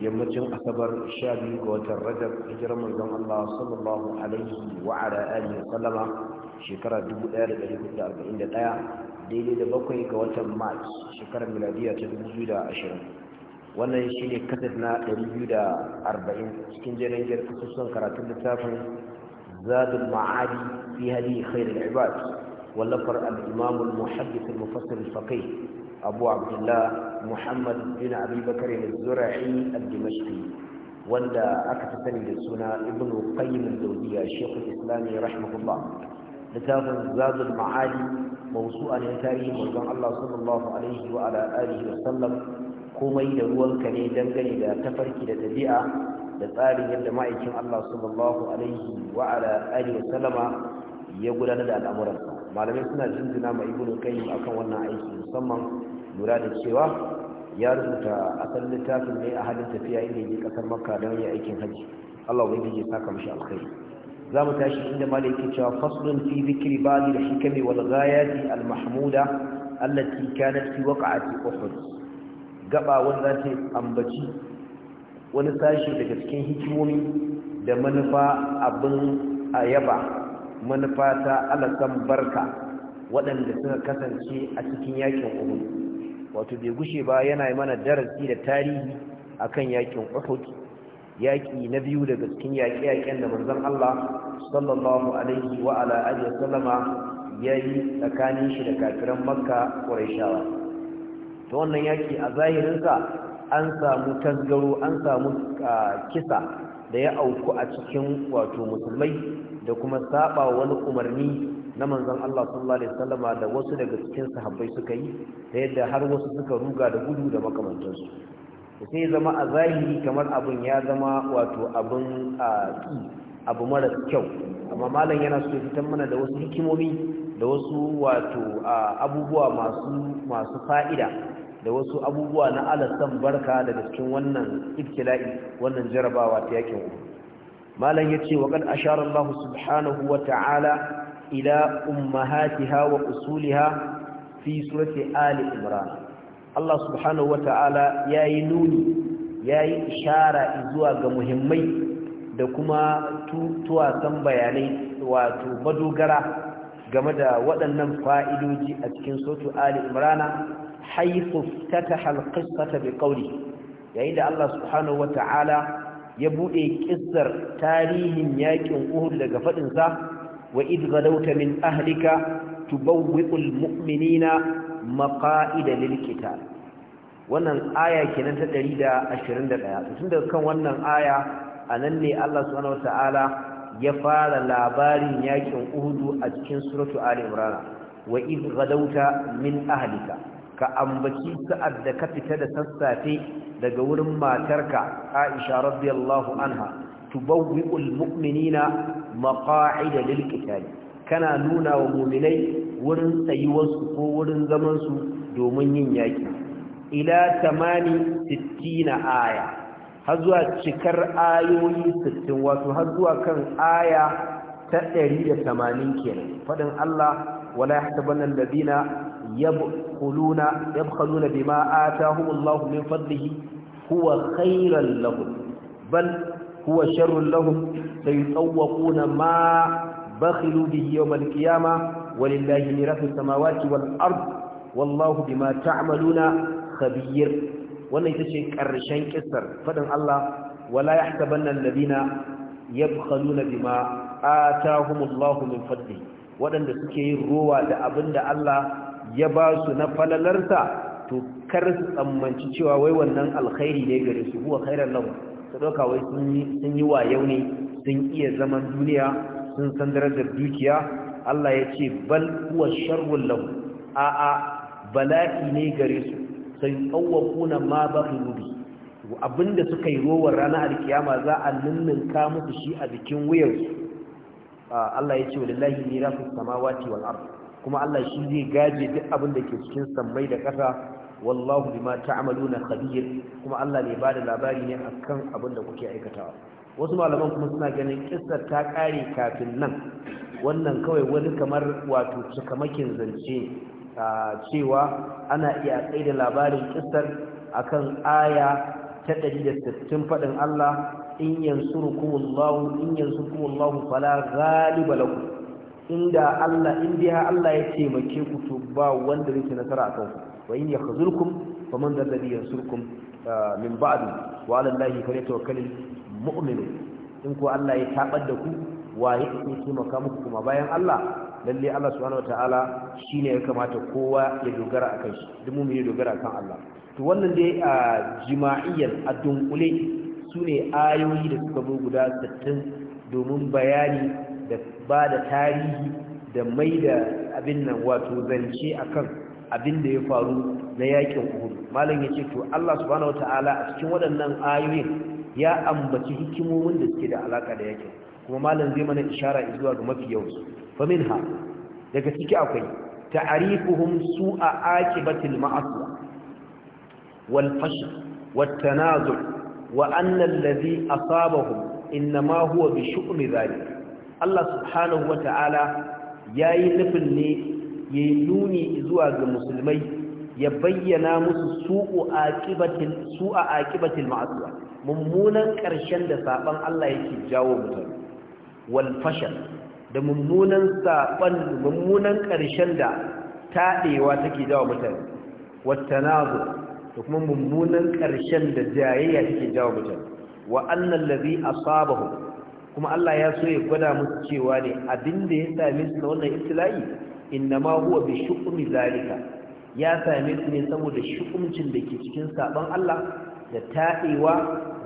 yammacin asabar sha biyu ga watan rajab hijirar manzon Allah sallallahu alaihi wa ala alihi wa sallama shekara 1441 daidai da bakwai ga watan mars shekarar miladiya ta 2020 wannan shine kasar na 240 cikin jerin jirgin kasusun karatun littafin zadul ma'adi fi hadi khairul ibad wallafar al-imam al-muhaddith al-mufassir al-faqih abu abdullah muhammad bin abubakar al-zura'i al-dimashqi wanda aka fi sani da suna ibn qayyim al-dawliya shekul Rahma rahimahullah littafin zadul ma'ali mawsu'a ne tarihi manzon Allah sallallahu alaihi wa ala alihi wa sallam komai da ruwanka ne dangane da tafarki da dabi'a da tsarin yadda ma'aikin Allah sallallahu alaihi wa ala alihi wa sallama ya gudanar da al'amuransa malamai suna jinjina ma ibnu qayyim akan wannan aiki musamman lura da cewa ya rubuta akan littafin ne a halin tafiya inda yake kasar makka don ya aikin hajji Allah ubangiji ya saka mishi alkhairi za mu tashi inda malai yake cewa faslun fi zikri Bali da hikam wal ghayat al-mahmuda allati kanat fi waqa'ati uhud gaba wanda ce ambaci wani sashi daga cikin hikimomi da manufa abin ayaba manufa ta alasan barka waɗanda suka kasance a cikin yakin uhud wato bai gushe ba yana mana darasi da tarihi akan yakin Uhud yaki na biyu daga cikin yaƙe-yaƙen da manzon Allah sallallahu alaihi wa ala alihi sallama yayi tsakanin shi da kafiran Makka Quraishawa to wannan yaki a zahirin sa an samu tasgaro an samu kisa da ya auku a cikin wato musulmai da kuma saba wani umarni na manzon Allah sallallahu alaihi wasallama da wasu daga cikin sahabbai suka yi ta yadda har wasu suka ruga da gudu da makamantansu sai zama a zahiri kamar abin ya zama wato abin a abu mara kyau amma malam yana so fitan mana da wasu hikimomi da wasu wato abubuwa masu masu fa'ida da wasu abubuwa na alasan barka daga cikin wannan ibtila'i wannan jarabawa ta yakin malam yace wa qad ashara Allah subhanahu wa ta'ala ila ummahatiha wa usuliha fi surati ali imran Allah subhanahu wata'ala yayi nuni yayi ishara zuwa ga muhimmai da kuma tutuwa san bayanai wato madogara game da waɗannan fa'idodi a cikin sotu ali imrana haifu ta ta ƙauri yayin da Allah subhanahu wata'ala ya buɗe ƙizzar tarihin yaƙin uhud daga faɗinsa وإذ غدوت من أهلك تبوئ المؤمنين مقائد للقتال wannan aya kenan ta 121 tun daga kan wannan aya anan ne Allah subhanahu wataala ya fara labarin yakin Uhud a cikin suratu Ali Imran wa id min ahlika ka ambaci sa'ad da ka fita da sassafe daga wurin matarka Aisha radiyallahu anha tubawwi'ul mu'minina maqa'ida lil kana nuna wa mu'minai wurin tsayuwarsu ko wurin zaman su domin yin yaki ila tamani Sittina aya har zuwa cikar ayoyi 60 wato har zuwa kan aya ta 180 kenan fadin Allah wala yahtabanna alladhina يبخلون يبخلون بما آتاهم الله من فضله هو خيرا لهم huwa sharrun lahum sayutawquna ma bakhilu bihi yawm al-qiyamah walillahi mirasu samawati wal ard wallahu bima ta'maluna khabir wannan ita ce karshen kissar fadan Allah wala yahtabanna alladhina yabkhaluna bima atahumullahu min fadli wadanda suke yin rowa da abinda Allah ya ba su na falalarta to kar su tsammanci cewa wai wannan alkhairi ne gare su huwa khairan lahum su wai sun yi wayau ne sun iya zaman duniya sun san darajar dukiya Allah ya ce bal huwa sharrun lahu a'a bala'i ne gare su sai kuna ma bakhilu bi abinda suka yi rowar ranar alkiyama za a ninninka musu shi a bikin wuyarsu Allah ya ce wallahi mirasu samawati ciwon ard kuma Allah shi zai gaje duk abinda ke cikin sammai da ƙasa wallahu bima ta'maluna khabir kuma Allah ne bada labari ne akan abin da kuke aikatawa wasu malaman kuma suna ganin kissar ta kare kafin nan wannan kawai wani kamar wato cikamakin zance cewa ana iya kai da labarin kissar akan aya ta 160 fadin Allah in yansurukumullahu in yansurukumullahu fala ghaliba lakum inda Allah in Allah ya taimake ku to ba wanda zai nasara akan ku wa in yakhzulkum faman dhal ladhi yansurkum min ba'd wa 'ala allahi falyatawakkalul mu'minun in ko Allah ya taɓar da ku waye yake taimaka muku kuma bayan Allah lallai Allah subhanahu wataala shine ya kamata kowa ya dogara akan shi duk mu'mini dogara akan Allah to wannan dai a jima'iyyan a dunkule sune ayoyi da suka zo guda 60 domin bayani da ba da tarihi da mai da abin nan wato zance akan abin da ya faru na yakin Uhud malam yace to Allah subhanahu wataala a cikin waɗannan ayoyin ya ambaci hikimomin da suke da alaka da yakin kuma malam zai mana ishara zuwa ga mafi yawan su fa minha daga ciki akwai ta'rifuhum su'a aqibatil ma'asiya wal fashl wat tanazu' wa anna alladhi asabahum inma huwa bi shu'mi dhalik Allah subhanahu wataala yayi nufin ne ya yi nuni zuwa ga musulmai ya bayyana musu su a aƙibatil ma'asuwa mummunan ƙarshen da saɓon Allah yake jawo mutane wal fashal da mummunan saɓon mummunan ƙarshen da taɗewa take jawo mutane wattanazu da kuma mummunan ƙarshen da jayayya take jawo mutane wa annal ladhi asabahu kuma Allah ya so ya gwada musu cewa ne abin da ya same su na wannan ibtila'i innama huwa bi shukumi zalika ya same su ne saboda shukumcin da ke cikin saban Allah da taɓewa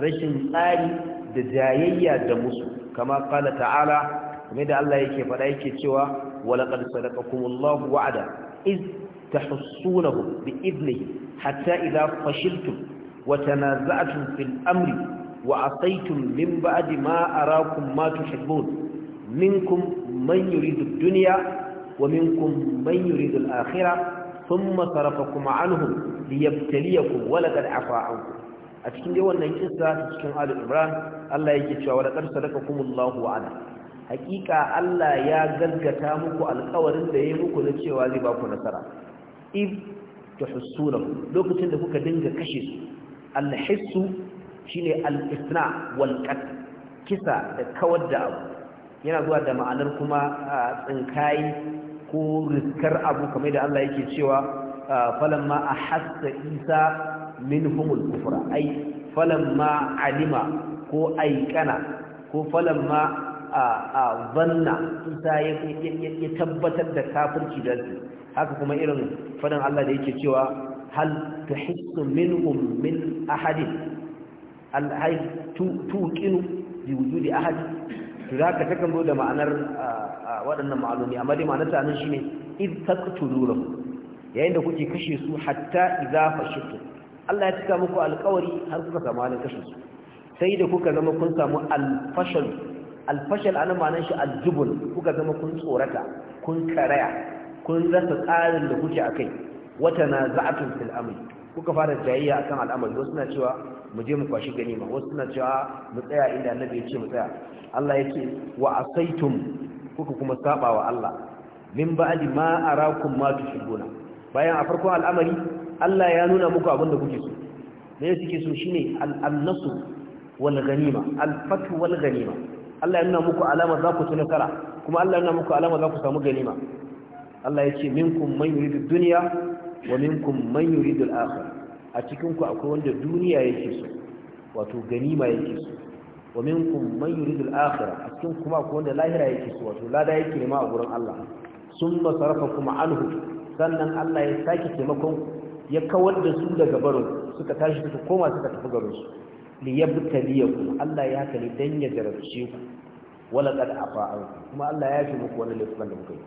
rashin tsari da jayayya da musu kama kala ta'ala game da Allah yake faɗa yake cewa walaƙar sadaƙakumullahu wa'ada iz tahussunahu bi idnihi hatta idza fashiltum wa tanaza'tum fil amri wa asaytum min ba'di ma arakum ma tuhibbun minkum man yuridu ad-dunya ومنكم من يريد الآخرة ثم صرفكم عنهم ليبتليكم ولقد عفا عنكم أتكين دي وانا يكسا تتكين آل إبران الله يجيشوا ولقد صدقكم الله وعلا حقيقة الله يا قلقة مكو القوارن دي مكو نتشوا لباكو نسرا إذ تحسونه لو كنت لكوك دنجا كشيس الحس شيني الإثناء والقتل كسا كود أبو yana zuwa da ma'anar kuma tsinkayi ko riskar abu kamar da Allah yake cewa ah, falamma ahassa isa minhumul kufra ai falamma alima ko aikana ko falamma a ah, ah, zanna isa ya tabbatar da kafirci da su haka kuma irin fadan Allah da yake cewa hal ta minhum min ahadin al tuƙinu tuqinu bi wujudi ahad to da haka takan zo da ma'anar waɗannan ma'anoni amma dai ma'anar ta nan shine iz taqtuluna yayin da kuke kashe su hatta idza fashtu Allah ya cika muku alƙawari har kuka samu halin kashe su sai da kuka zama kun samu alfashal alfashal ana ma'anar shi aljubun. kuka zama kun tsorata kun karaya kun rasa tsarin da kuke a kai. wata na za'atun fil amri kuka fara jayayya akan al'amari wasu na cewa mu je mu kwashi ganima wasu na cewa mu tsaya inda annabi ya ce mu tsaya Allah yake wa asaitum kuka kuma saba wa Allah min ba'di ma arakum ma tushibuna bayan a farko al'amari Allah ya nuna muku abin da kuke so me yake kike so shine al-nasu wal ganima al-fatu wal ghanima Allah ya nuna muku alama za ku tunakara kuma Allah ya nuna muku alama za ku samu ganima Allah ya ce minkum man yuridu dunya wa minkum man yuridu al-akhirah a cikin ku akwai wanda duniya yake so wato ganima yake so wa minkum man yuridu al-akhirah a cikin kuma ko wanda lahira yake so wato lada yake nema a gurin Allah summa kuma anhu sannan Allah ya saki taimakon ya kawar da su daga barin suka tashi suka koma suka tafi garin su li yabtaliyakum Allah ya haka ne dan ya jarabce ku wala qad afa'a kuma Allah ya yi muku wannan laifin da muka yi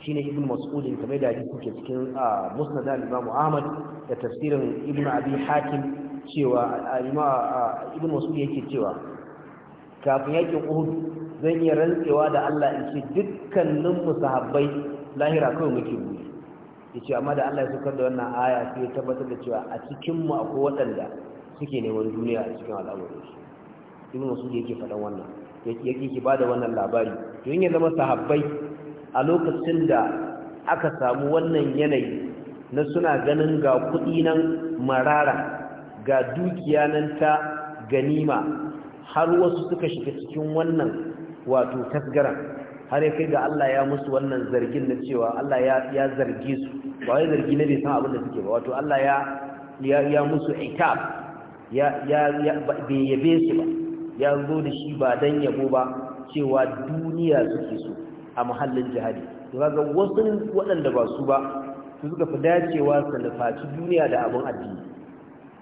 shine ibn mas'ud kamar da hadisi cikin musnad al-imam Ahmad da tafsirin ibn abi hatim mas'ud yake cewa kafin yakin uhud zan iya rantsewa da Allah in ce dukkanin mu sahabbai lahira kawai muke buri yace amma da Allah ya sukar da wannan aya sai ya tabbatar da cewa a cikin mu akwai waɗanda suke neman duniya a cikin al'amuran su ibn da yake faɗan wannan yake ba bada wannan labari to in ya zama sahabbai a lokacin da aka samu wannan yanayi na suna ganin ga kuɗi nan marara ga dukiya nan ta ganima har wasu suka shiga cikin wannan wato tasgara har kai ga Allah ya musu wannan zargin na cewa Allah ya ya zarge su ba wai zargi ne bai san abin da suke ba wato Allah ya ya ya musu itab ya ya bai yabe su ba ya zo da shi ba dan yabo ba cewa duniya suke so a mahallin jihadi to kaga wasu waɗanda ba su ba su suka fi dacewa su nufaci duniya da abin addini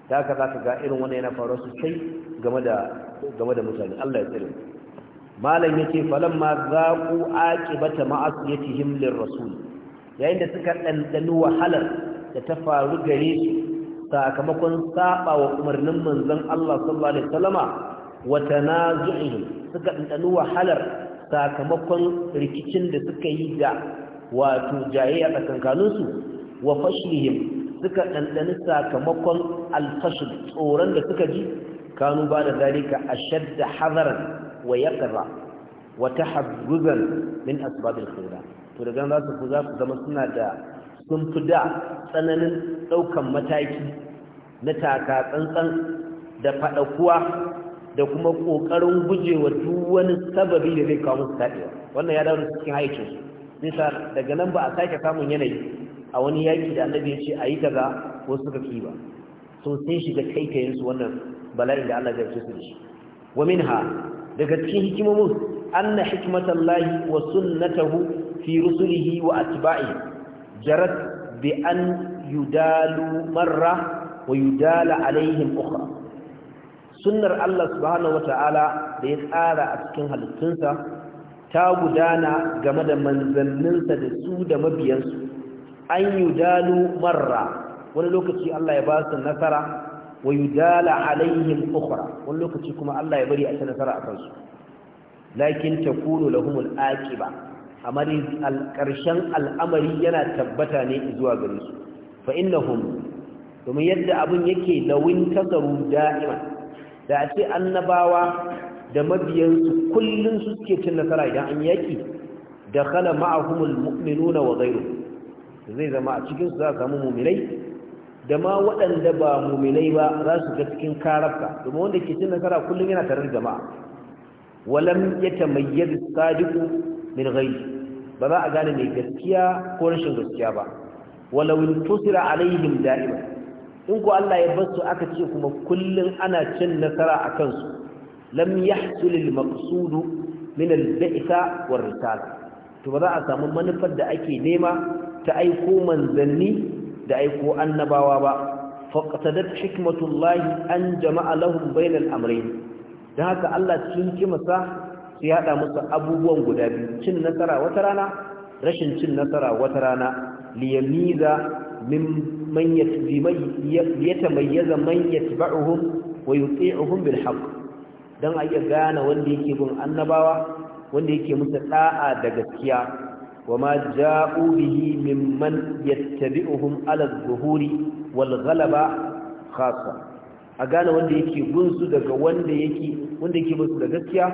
da haka za ka ga irin wannan yana faruwa sosai game da game da mutane Allah ya tsare malam yake falamma zaqu aqibata ma'asiyatihim lirrasul yayin da suka dandanu wahalar da ta faru gare su sakamakon saba wa umarnin manzon Allah sallallahu alaihi wasallama wa tanazu'ihim suka dandanu wahalar sakamakon rikicin da suka yi da wato jayayya tsakankaninsu wa fashlihim suka dandanu sakamakon alfashl tsoron da suka ji kanu ba da zalika ashadda hadaran wa yaqra wa tahazzuzan min asbabil to daga za su za su zama suna da sun fi da tsananin ɗaukan mataki na taka tsantsan da fadakuwa da kuma ƙoƙarin gujewa duk wani sababi da zai kawo musu tadewa wannan ya dawo cikin haicin nisa daga nan ba a sake samun yanayi a wani yaki da annabi ya ce yi kaza ko suka ki ba so sun shiga kaikayen su wannan bala'in da Allah zai su shi wa minha daga cikin hikimomin anna hikmatallahi wa sunnatahu fi rusulihi wa atba'i jarat bi an yudalu marra wa yudala alaihim ukhra sunnar Allah subhanahu wata'ala da ya tsara a cikin halittunsa ta gudana game da manzanninsa da su da mabiyansu an yudalu marra wani lokaci Allah ya ba su nasara wa yudala alaihim ukhra wani lokaci kuma Allah ya bari a ci nasara a kansu lakin takunu lahumul aqiba amma al karshen al'amari yana tabbata ne zuwa gare su fa innahum domin yadda abun yake lawin tazaru da'ima da a ce annabawa da mabiyansu kullun su suke cin nasara idan an yaki da khala ma'ahumul mu'minuna wa ghayruhum zai zama a cikin su za a samu mu'minai da ma waɗanda ba muminai ba za su ga cikin karabka domin wanda ke cin nasara kullum yana tare da jama'a walam yatamayyaz sadiqu min ghayri ba za a gane mai gaskiya ko rashin gaskiya ba walau tusira alaihim da'ima in ko Allah ya bar su aka ce kuma kullum ana cin nasara a kansu lam yahsul al maqsud min al ba'sa war risala to ba za a samu manufar da ake nema ta aiko manzanni da aiko annabawa ba faqtadat hikmatullahi an jama'a lahum bainal amrayn dan haka Allah cikin kimasa sai hada musu abubuwan guda biyu cin nasara wata rana rashin cin nasara wata rana liyamiza min man yatamayyaza man yatba'uhum wa yuti'uhum bil haqq dan a iya gane wanda yake bin annabawa wanda yake musu da'a da gaskiya وما جاءوا به ممن يتبعهم على الظهور والغلبة خاصة أقال وانده يكي بنسو دقا وانده يكي وانده يكي بنسو دقا كيا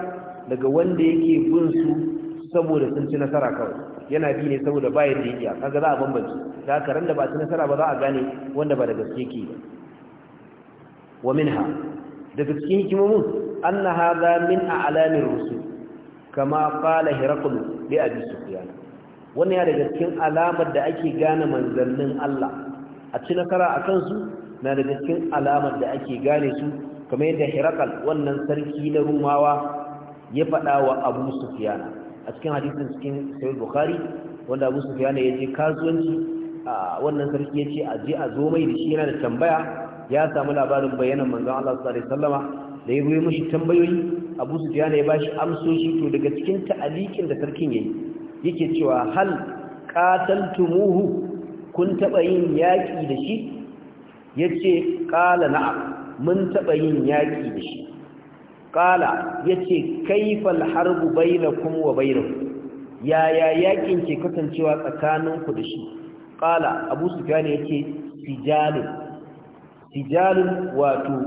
دقا وانده يكي بنسو saboda sun ci nasara kawai yana bi ne saboda bayan da yake kaga za a bambance da haka ran da ba ci nasara ba za a gane wanda ba da gaske ke wa minha daga cikin hikimomin anna hadha min kama qala hirqul li abi sufyan wannan ya daga cikin alamar da ake gane manzannin Allah a ci nasara a kansu na daga cikin alamar da ake gane su kamar yadda Herakal wannan sarki na Rumawa ya faɗa wa Abu Sufyan a cikin hadisin cikin Sahih Bukhari wanda Abu Sufyan ya je kasuwanci wannan sarki ya ce a je a zo mai da shi yana da tambaya ya samu labarin bayanan manzon Allah sallallahu alaihi wasallama da ya yi mishi tambayoyi Abu Sufyan ya bashi amsoshi to daga cikin ta'alikin da sarkin ya yi. yake cewa hal qataltumuhu kun taba yin yaki da shi yace qala na'am mun taba yin yaki da shi qala yace kayfal harbu bainakum wa bainahu yaya yakin ke kasancewa tsakaninku da shi qala abu sufyan yace sijalun sijalun wato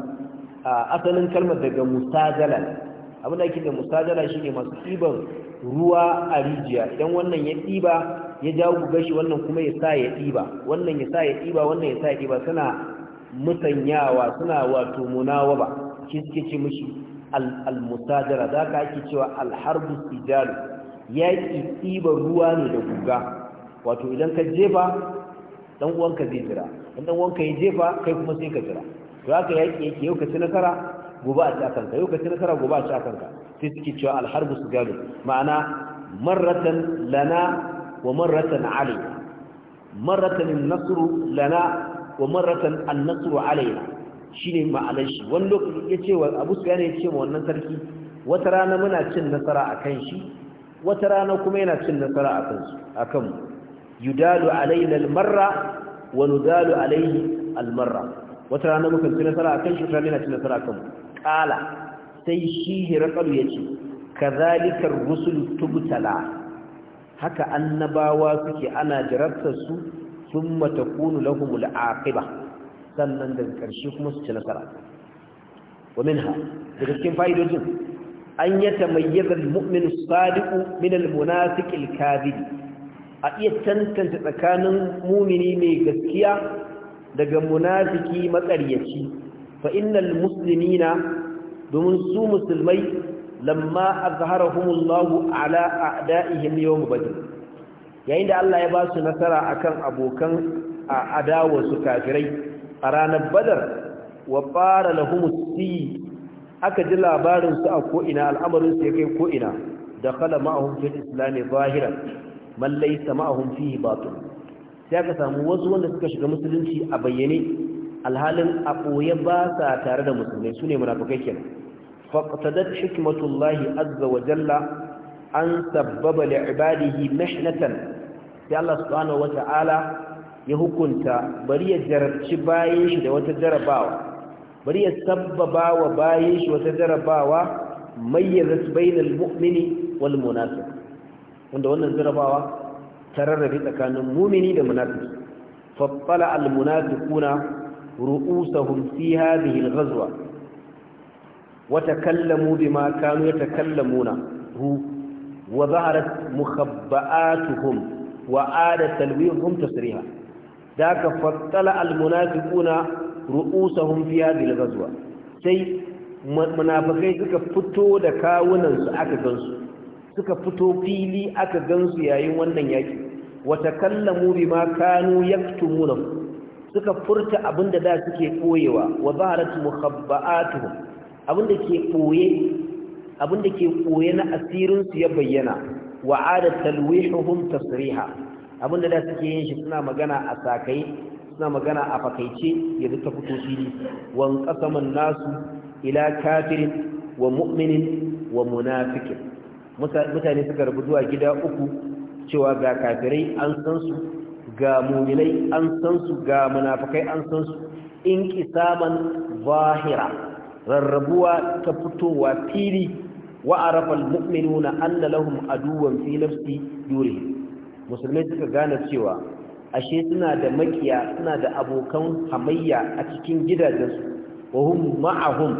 asalin kalmar daga mustajala abin da ake da musajara shine masu ɗiban ruwa a rijiya idan wannan ya ɗiba ya jawo ku gashi wannan kuma ya sa ya ɗiba wannan ya sa ya ɗiba wannan ya sa ya ɗiba suna musanyawa suna wato munawaba shi suke ce mishi al-musajara za ka ake cewa alharbu harbu ya yaƙi ɗiban ruwa ne da guga wato idan ka jefa dan uwanka zai jira in dan uwanka ya jefa kai kuma sai ka jira to haka yaki yake yau ka ci nasara gobe a ci a kanka yau ka ci nasara gobe a ci a kanka sai suke cewa alharbu su gano ma'ana marratan lana wa marratan alaina marratan nasru lana wa marratan annasru alaina shine ma'anar shi wani lokaci ce wa Abu Sufyan yace ma wannan sarki wata rana muna cin nasara akan shi wata rana kuma yana cin nasara a akan su akan yudalu alaina almarra wa nudalu alaihi almarra wata rana muka cin nasara akan shi wata rana yana cin nasara akan mu ƙala sai shi hirakalu ya ce ka zalikar rusul tubtala haka annabawa suke ana jarabtarsu sun matakunu lahumul aqiba sannan daga ƙarshe kuma su ci nasara wamin ha daga cikin fa'idojin an yi tamayyar mu'min sadiku min almunafiqil kadhib a iya tantance tsakanin mumini mai gaskiya daga munafiki maƙaryaci fa innal domin su musulmai lamma azharahumullahu ala a'da'ihim yawm badr yayin da Allah ya ba su nasara akan abokan a adawarsu kafirai a ranar badar wa fara lahumus si aka ji labarinsu a ko'ina al'amarin ya kai ko'ina da kala ma'ahun fil islami zahiran mallai sama ma'ahun fihi batun sai aka samu wasu wanda suka shiga musulunci a bayyane alhalin a ɓoye ba sa tare da musulmai su ne munafukai kenan faqtadat hikmatullahi azza wa jalla an sabbaba li ibadihi mashnatan sai Allah subhanahu wa ta'ala ya hukunta bari ya jarabci bayan shi da wata jarabawa bari ya sabbaba wa bayan shi wata jarabawa mayyaza bainal mu'mini wal munafiq wanda wannan jarabawa ta rarrabe tsakanin mu'mini da munafiki fattala al munafiquna ru'usahum fi hadhihi al-ghazwa wa takallamu bima kanu yatakallamuna hu wa zaharat mukhabba'atuhum wa ada talwihum tasriha daka fattala al-munafiquna ru'usahum fi hadhihi al-ghazwa sai munafikai suka fito da kawunan su aka gansu suka fito fili aka gansu yayin wannan yaki wa takallamu bima kanu yaktumuna suka furta abin da da suke koyewa wa zaharat mukhabba'atuhum abin da ke koye abin da ke koye na asirin su ya bayyana wa adat talwihuhum tasriha abin da da suke yin shi suna magana a sakai suna magana a fakaice ya zuta fito fili wan qasaman nasu ila kafirin wa mu'minin wa munafiqin mutane suka rubu zuwa gida uku cewa ga kafirai an san su ga muminai an san su ga munafikai an san su in kisaman zahira rarrabuwa ta fitowa fili wa arafa almu'minuna anna lahum aduwan fi nafsi duri musulmai suka gane cewa ashe suna da makiya suna da abokan hamayya a cikin gidajensu wa hum ma'ahum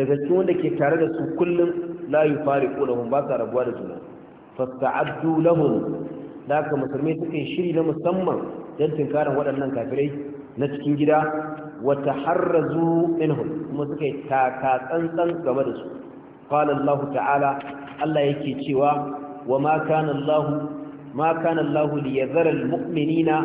daga cikin wanda ke tare da su kullum la yufariqu lahum ba sa rabuwa da juna fasta'addu lahum da haka musulmai suka shiri na musamman don tunkarin waɗannan kafirai na cikin gida wata harrazu minhum kuma suka taka tsantsan game da su qala Allah ta'ala Allah yake cewa wa ma kana Allah ma kana Allah li yadhara al-mu'minina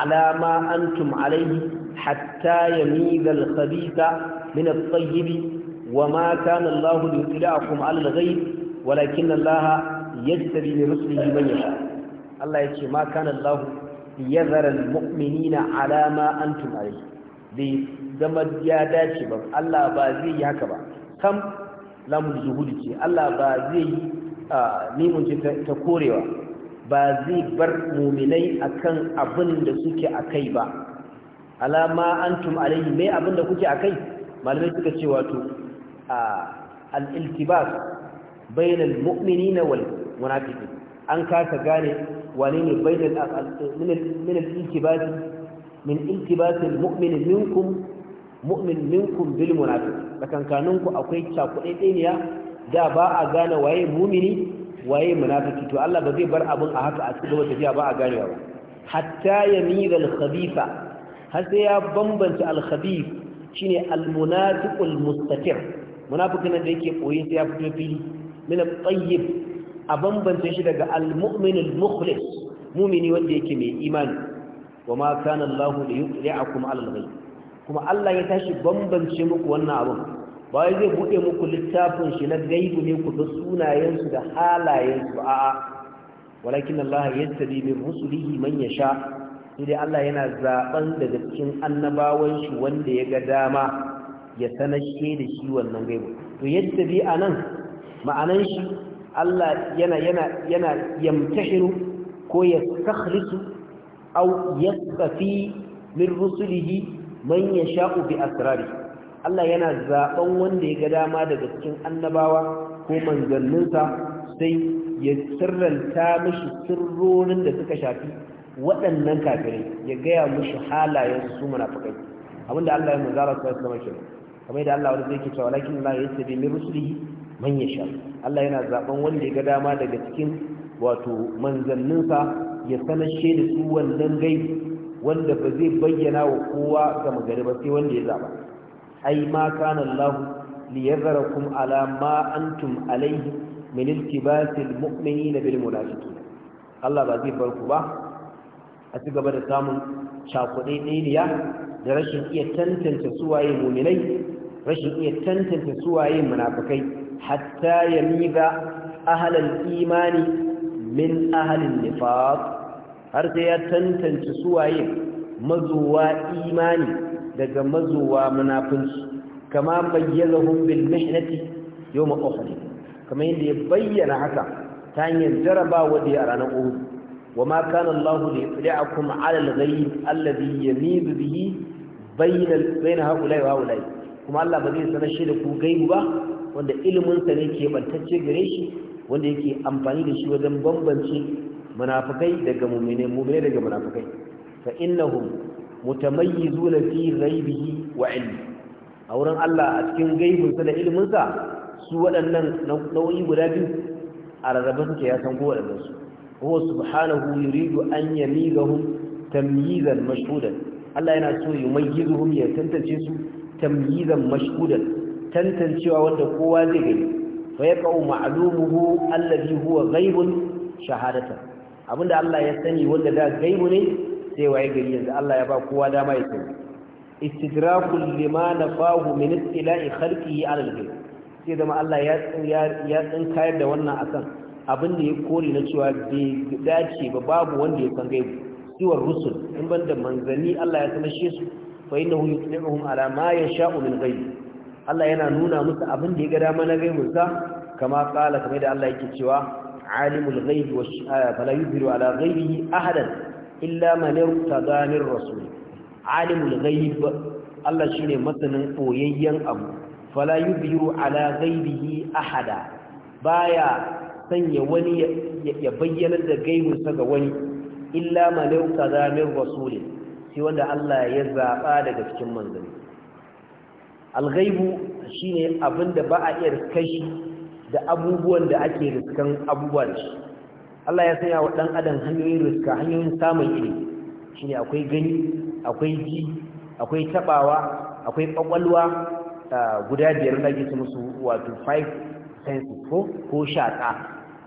ala ma antum alayhi hatta yamiza al-khabitha min at-tayyib allah كان الله ليطلعكم على الغيب ولكن الله يجتبي لرسله من Allah ya ce ma kana Allah yazara almu'minina ala ma antum alayhi bai zama ya dace ba Allah ba zai yi haka ba kam lamun zuhudi ce Allah ba zai yi nemun ce ta korewa ba zai bar muminai akan abin da suke a kai ba alama antum alayhi mai abin da kuke a kai? malamai suka ce wato al-iltibas bainal mu'minina wal munafiqin an kasa gane wane ne bainal min al-iltibat min iltibat al-mu'min minkum mu'min minkum bil munafiq tsakankanin ku akwai cakuɗeɗeniya da ba a gane waye mumini waye munafiki to Allah ba zai bar abin a haka a cikin gaba tafiya ba a gane ba hatta yamiza al-khabitha har sai ya bambanta al-khabith shine al-munafiqul mustatir munafikin da yake koyi sai ya fito fili min at-tayyib a bambance shi daga al-mu'minul mukhlis mumini wanda yake mai imani wa ma kana Allah li yutli'akum 'ala al-ghayb kuma Allah ya tashi bambance muku wannan abun ba zai bude muku littafin shi na gaibu ne ku da sunayen su da halayen su a'a walakin Allah yastabi min rusulihi man yasha sai Allah yana zaban daga cikin annabawan shi wanda ya ga dama ya sanashe da shi wannan gaibu to yastabi anan ma'anan shi Allah yana yana yana yamtahiru ko yastakhlisu aw yastafi min rusulihi man yasha'u bi asrari Allah yana zaɓan wanda ya ga dama daga cikin annabawa ko manzanninsa sai ya sirranta mishi sirrorin da suka shafi waɗannan kafirai ya gaya mishi halayen su munafikai abinda Allah ya manzara su sallama kenan kamar da Allah wanda zai ke cewa lakin Allah ya tabi min rusulihi man yasha Allah yana zaben wanda ya ga dama daga cikin wato manzanninsa ya sanashe da su wannan gai, wanda ba zai bayyana wa kowa ga magari ba sai wanda ya zaba ai ma kana Allah li yadharakum ala ma antum alayhi min iltibasil mu'minin bil munafiqin Allah ba zai bar ku ba a ci gaba da samun cakuɗe ɗaya da rashin iya tantance suwaye muminai rashin iya tantance suwaye munafikai hatta yamiza ahlal imani min ahlin nifaq har sai ya tantance suwaye mazuwa imani daga mazuwa munafinci kama bayyazahum bil mihnati yawm uhud kama yadda ya bayyana haka ta hanyar jarabawa da ya ranar uhud وما كان الله ليطلعكم على الغيب الذي يميز به بين بين هؤلاء وهؤلاء kuma Allah ba zai sanar shi da ku ba wanda iliminsa ne ke bantacce gare shi wanda yake amfani da shi wajen bambance munafukai daga mu'mine mu'mine daga munafikai fa innahum mutamayyizuna fi ghaibihi wa ilmi a wurin Allah a cikin gaibinsa da iliminsa su waɗannan nau'i guda biyu a rarrabe suke ya san kowa da su huwa subhanahu yuridu an yamizahum tamyizan mashhudan Allah yana so yumayyizuhum ya tantance su tamyizan mashhudan tantancewa wanda kowa zai gani fa yaqau ma'lumuhu allazi huwa ghaibun shahadatan abinda Allah ya sani wanda da gaibu ne sai waye gari yanzu Allah ya ba kowa dama ya sani istidrakul lima nafahu min istila'i khalqihi 'ala al-ghaib sai zama Allah ya ya tsinkayar da wannan akan Abinda ya kore na cewa bai dace ba babu wanda ya san gaibu siwar rusul in banda manzanni Allah ya sanar shi su fa innahu yutli'uhum ala ma yasha'u min ghaibi Allah yana nuna musu abin da ya ga dama na gaibinsa kama kala kamar da Allah yake cewa alimul ghaibi wa eh, fala yuzhiru ala ghaibihi ahadan illa man irtada min rasul alimul ghaib Allah shine masanin boyayyen abu fala yuzhiru ala ghaibihi ahada baya sanya wani ya bayyana da gaibinsa ga wani illa man irtada min rasul sai wanda Allah ya zaba daga cikin manzanni alghaibu shine abin da ba a iya kashi da abubuwan da ake riskan abubuwa da shi Allah ya sanya wa dan adam hanyoyin riska hanyoyin samun ilimi shine akwai gani akwai ji akwai tabawa akwai kwakwalwa guda biyar da ake musu wato five senses ko ko shaka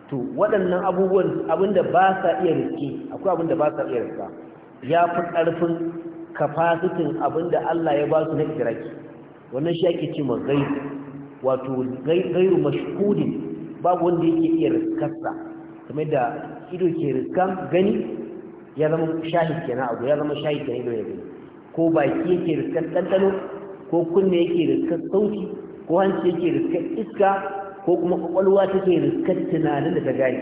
to waɗannan abubuwan abinda ba sa iya riske akwai abinda ba sa iya riska ya fi ƙarfin kafasitin abinda Allah ya ba su na idraki wannan shi ake ce gai wato gairu mashhudin babu wanda yake iya riskarsa kamar da ido ke riskan gani ya zama shahid kenan abu ya zama shahid kenan ido ya gani ko baki yake riskan ɗanɗano ko kunne yake riskan sauti ko hanci yake riskan iska ko kuma kwakwalwa take riskar tunanin da ta gani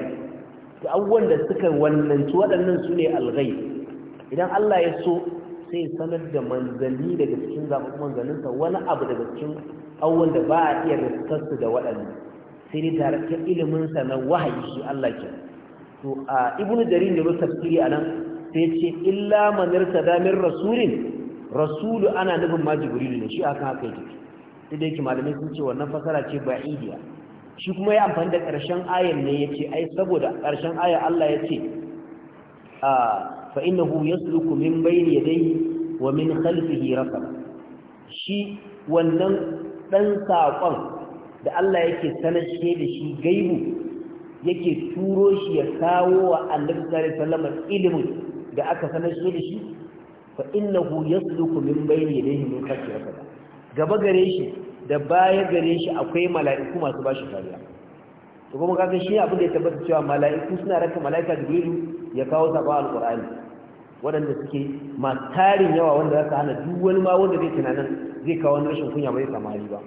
to abubuwan da suka wannan waɗannan su ne algai idan Allah ya so sai sanar da manzanni daga cikin zaɓen manzanninsa wani abu daga cikin awon da ba a iya rikastu da waɗannan sai ne tare ta iliminsa na wahayi shi Allah ke to a ibnu jarir rusa tafsiri a nan sai ce illa manarta damar rasulin rasulu ana nufin ma jibrilu ne shi aka haka yake duk da yake malamai sun ce wannan fasara ce ba'idiya shi kuma ya amfani da ƙarshen ayan ne ya ce ai saboda ƙarshen aya Allah ya ce fa innahu yasluku min bayni yadayhi wa min khalfihi rasaba shi wannan dan sakon da Allah yake sanashe da shi gaibu yake turo shi ya kawo wa annabi sallallahu alaihi wasallam ilimin da aka sanashe da shi fa innahu yasluku min bayni yadayhi min khalfihi rasaba gaba gare shi da baya gare shi akwai mala'iku masu bashi kariya to kuma kaga shi abin da ya tabbata cewa mala'iku suna raka mala'ika jibrilu ya kawo sabon alqur'ani waɗanda suke masu tarin yawa wanda za ka hana duk wani ma wanda zai tunanin zai kawo wani rashin kunya ba zai ba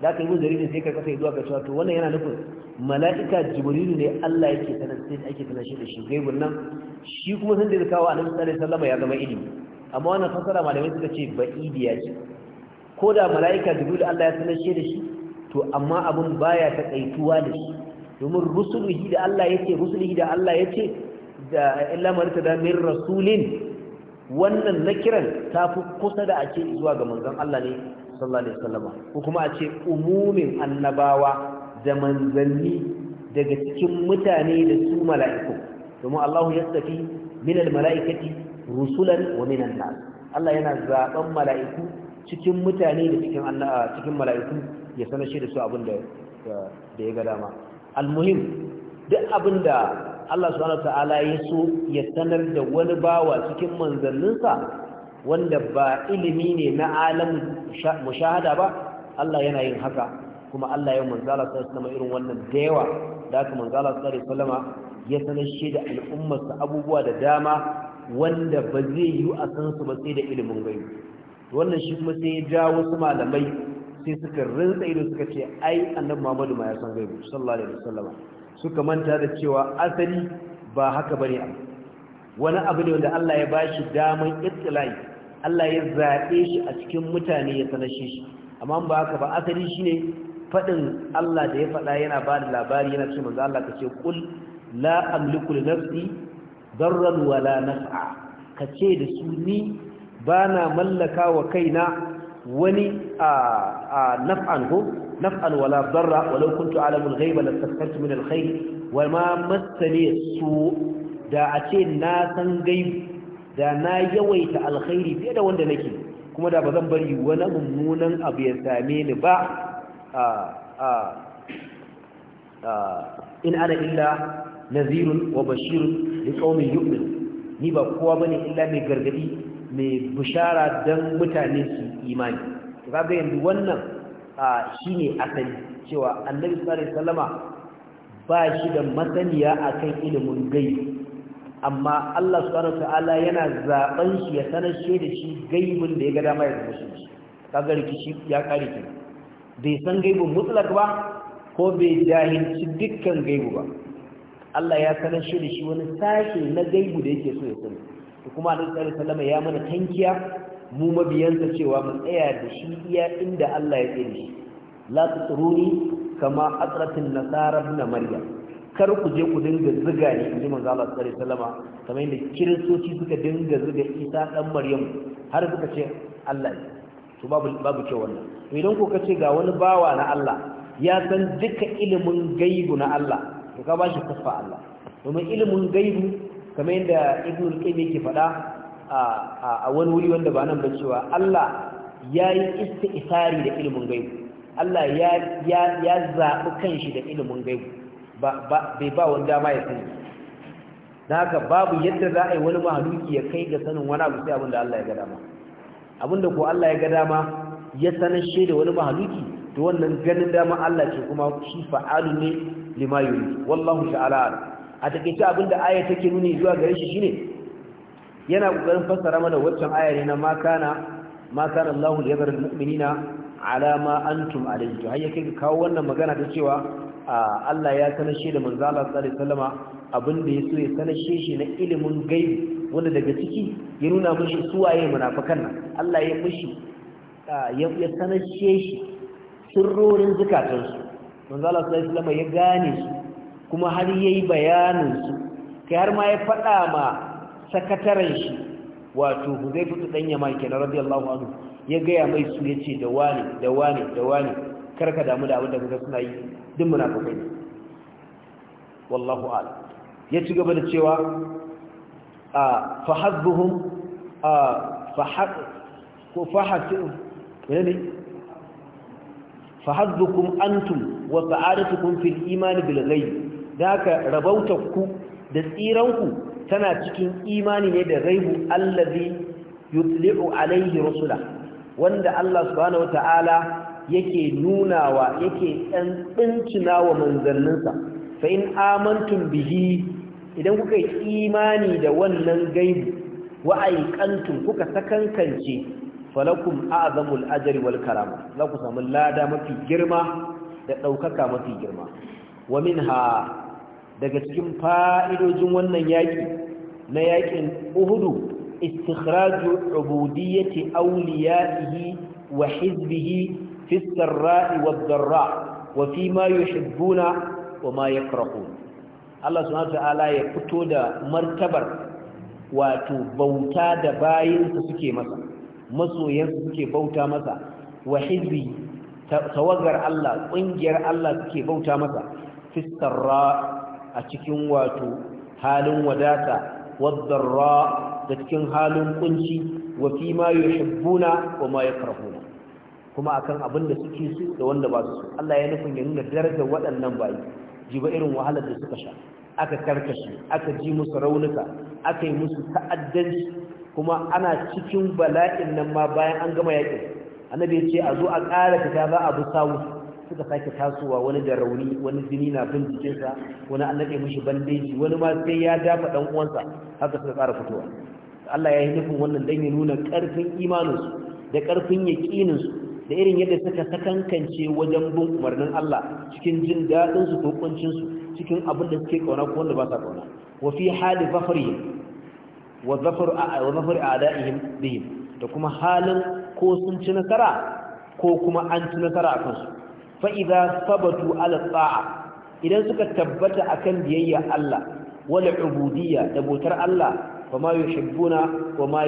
da ka yi jaririn sai ka kasa zuwa ga cewa to wannan yana nufin mala'ika jibrilu ne Allah yake sanar sai ake sanar shi da shi gaibun nan shi kuma san da ya kawo annabi sallallahu alaihi wasallam ya zama ilimi amma wannan fasara malamai suka ce ba'idiya ce ko da mala'ika jibrilu Allah ya sanar shi da shi to amma abun baya kaituwa da shi domin rusulihi da Allah ya ce, rusulihi da Allah ya ce, da illa ta tada rasulin wannan na kiran ta fi kusa da ake zuwa ga manzon Allah ne sallallahu alaihi wasallam ko kuma a ce umumin annabawa da manzanni daga cikin mutane da su mala'iku domin Allah ya tafi min almala'ikati rusulan wa min annas Allah yana zaben mala'iku cikin mutane da cikin cikin mala'iku ya sanar shi da su abin da ya ga dama almuhim duk abin da Allah subhanahu ta'ala ya so ya sanar da wani bawa cikin manzanninsa wanda ba ilimi ne na alamin mushahada ba Allah yana yin haka kuma Allah ya manzala sallallahu alaihi irin wannan da yawa da aka manzala sallallahu alaihi sallama, ya sanar shi da al'ummarsa abubuwa da dama wanda ba zai yi a san su ba sai da ilimin gani wannan shi kuma sai ya ja wasu malamai sai suka rinsa ido suka ce ai annabi Muhammadu ma ya san gaibu sallallahu alaihi wasallam suka manta da cewa asali ba haka bane a wani abu ne wanda Allah ya bashi daman ittilai Allah ya zaɓe shi a cikin mutane ya sanashe shi amma ba haka ba asali shine fadin Allah da ya faɗa yana ba da labari yana cewa manzo Allah kace kul la amliku li nafsi darran wala naf'a kace da su ni bana mallaka wa kaina wani a naf'an ko naf'an wala darra walau kuntu alamul ghaiba lastaktartu min alkhair wa ma massani su da a ce na san gaibu da na yawaita alkhairi fiye da wanda nake kuma da ba zan bari wani mummunan abu ya same ni ba in ana illa nazirun wa bashirun li qaumin yu'min ni ba kowa bane illa mai gargadi mai bushara don mutane su imani to kaga yanzu wannan shine asali cewa annabi sallallahu Salama ba shi da masaniya akan ilimin gaibi amma Allah subhanahu Ta'ala yana zaɓen shi ya sanar shi da shi gaibin da ya ga dama ya shi kaga rikici ya kare ki bai san gaibin mutlak ba ko bai jahilci dukkan gaibu ba Allah ya sanar shi da shi wani sashe na gaibu da yake so ya sanar to kuma annabi sallallahu alaihi wasallam ya mana tankiya mu mabiyansa cewa mu tsaya da shi iya inda Allah ya tsare shi la tsiruni kama atratin nasara na maryam kar ku je ku dinga ziga ne inji manzo Allah sallallahu alaihi wasallam kamar yadda kiristoci suka dinga ziga Isa dan Maryam har suka ce Allah to babu babu ce wannan to idan ko kace ga wani bawa na Allah ya san duka ilimin gaibu na Allah to ka bashi kafa Allah domin ilimin gaibu kamar yadda ibn al-qayyim yake faɗa a wani wuri wanda ba nan ba cewa Allah ya yi istisari da ilimin gaibu Allah ya ya ya zabi kanshi da ilimin gaibu ba bai ba wanda ma ya sani haka babu yadda za a yi wani mahaluki ya kai ga sanin wani abu sai abinda Allah ya ga dama abinda ko Allah ya ga dama ya sanar shi da wani mahaluki to wannan ganin dama Allah ce kuma shi fa'alu ne lima yuri wallahu ta'ala a takeice abinda aya take nuni zuwa gare shi shine yana kokarin fassara mana waccan aya ne na makana makana Allahu liyadhar almu'minina ala ma antum alayhi to hayyake ka kawo wannan magana ta cewa Allah ya sanar shi da manzo Allah sallallahu alaihi wasallama abinda yaso ya sanar shi na ilimin gaibi wanda daga ciki ya nuna mishi suwaye munafikan nan Allah ya mishi ya sanar shi sirrorin zukatansu manzo Allah sallallahu alaihi wasallama ya gane su kuma har yayi bayanin su kai har ma ya faɗa ma sakataren shi wato Huzaifu dan Yaman kenan radiyallahu anhu ya gaya mai su yace da wani da wani da wani karka damu da abin da kaga suna yi duk munafikai ne wallahu a'lam ya ci gaba da cewa a fahadduhum a fahad ko fahadu ne fahaddukum antum wa sa'adatukum fil iman bil ghaib ka rabauta ku da tsiranku tana cikin imani ne da raibu allazi yutli'u alaihi rusula wanda Allah subhanahu wata'ala yake nunawa yake tsantsincina wa manzanninsa fa in amantum bihi idan kuka yi imani da wannan gaibu wa kuka sakankance falakum a'zamul ajri wal karama za ku samu lada mafi girma da ɗaukaka mafi girma wa minha daga cikin fa'idojin wannan yaƙi na yaƙin uhudu istikhraju ubudiyyati awliya'ihi wa hizbihi fi sarra'i wad darra wa fi ma yuhibbuna wa ma yakrahun Allah subhanahu ta'ala ya fito da martabar wato bauta da su suke masa su suke bauta masa wa hizbi tawagar Allah ƙungiyar Allah suke bauta masa fistarra a cikin wato halin wadata wadarra da cikin halin kunci wa fi ma yuhibbuna wa ma yakrahuna kuma akan abin da suke su da wanda ba su Allah ya nufin ya nuna darajar waɗannan bayi jiba irin wahalar da suka sha aka karkashe aka ji musu raunuka aka yi musu ta'addanci kuma ana cikin bala'in nan ma bayan an gama yaƙin annabi ya ce a zo a ƙara fita za a bi sawu suka sake tasowa wani da rauni wani jini na bin jikinsa wani an nade mishi bandeji wani ma sai ya dafa dan uwansa haka suka ƙara fitowa Allah ya yi nufin wannan dan ya nuna ƙarfin imaninsu da ƙarfin yaƙininsu da irin yadda suka sakankance wajen bin umarnin Allah cikin jin daɗin su ko cikin abin da suke kauna ko wanda ba sa kauna wa fi hali zafari wa zafar wa zafar a'da'ihim bihim da kuma halin ko sun ci nasara ko kuma an ci nasara a kansu fa idza sabatu ala idan suka tabbata akan biyayya Allah wal ubudiyya da bautar Allah ma ma fi ma ma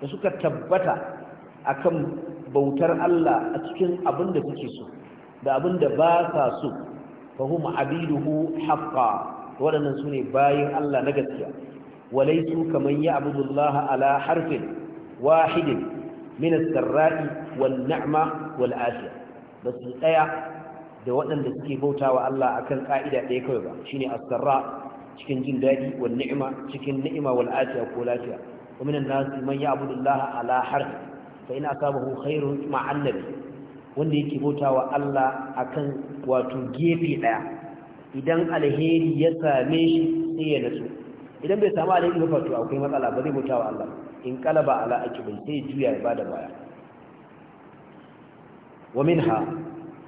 da suka tabbata akan bautar Allah a cikin abin da kuke so da abin da ba sa so fa waɗannan su ne bayan Allah na gaskiya walaisu kamar yi abudullaha ala harfin wahidin min sarrai wal ni'ma wal afiya ba su tsaya da waɗanda suke bautawa Allah akan ka'ida ɗaya kawai ba shine as-sarra cikin jin daɗi wal ni'ma cikin ni'ma wal afiya ko lafiya wa minan nas man ya'budu Allah ala harf fa in asabahu khairun ma'a annabi wanda yake wa Allah akan wato gefe ɗaya idan alheri ya same shi sai ya nasu idan bai samu alheri ba to akwai matsala ba zai bauta wa Allah in kalaba ala bai sai juya ya bada baya wa minha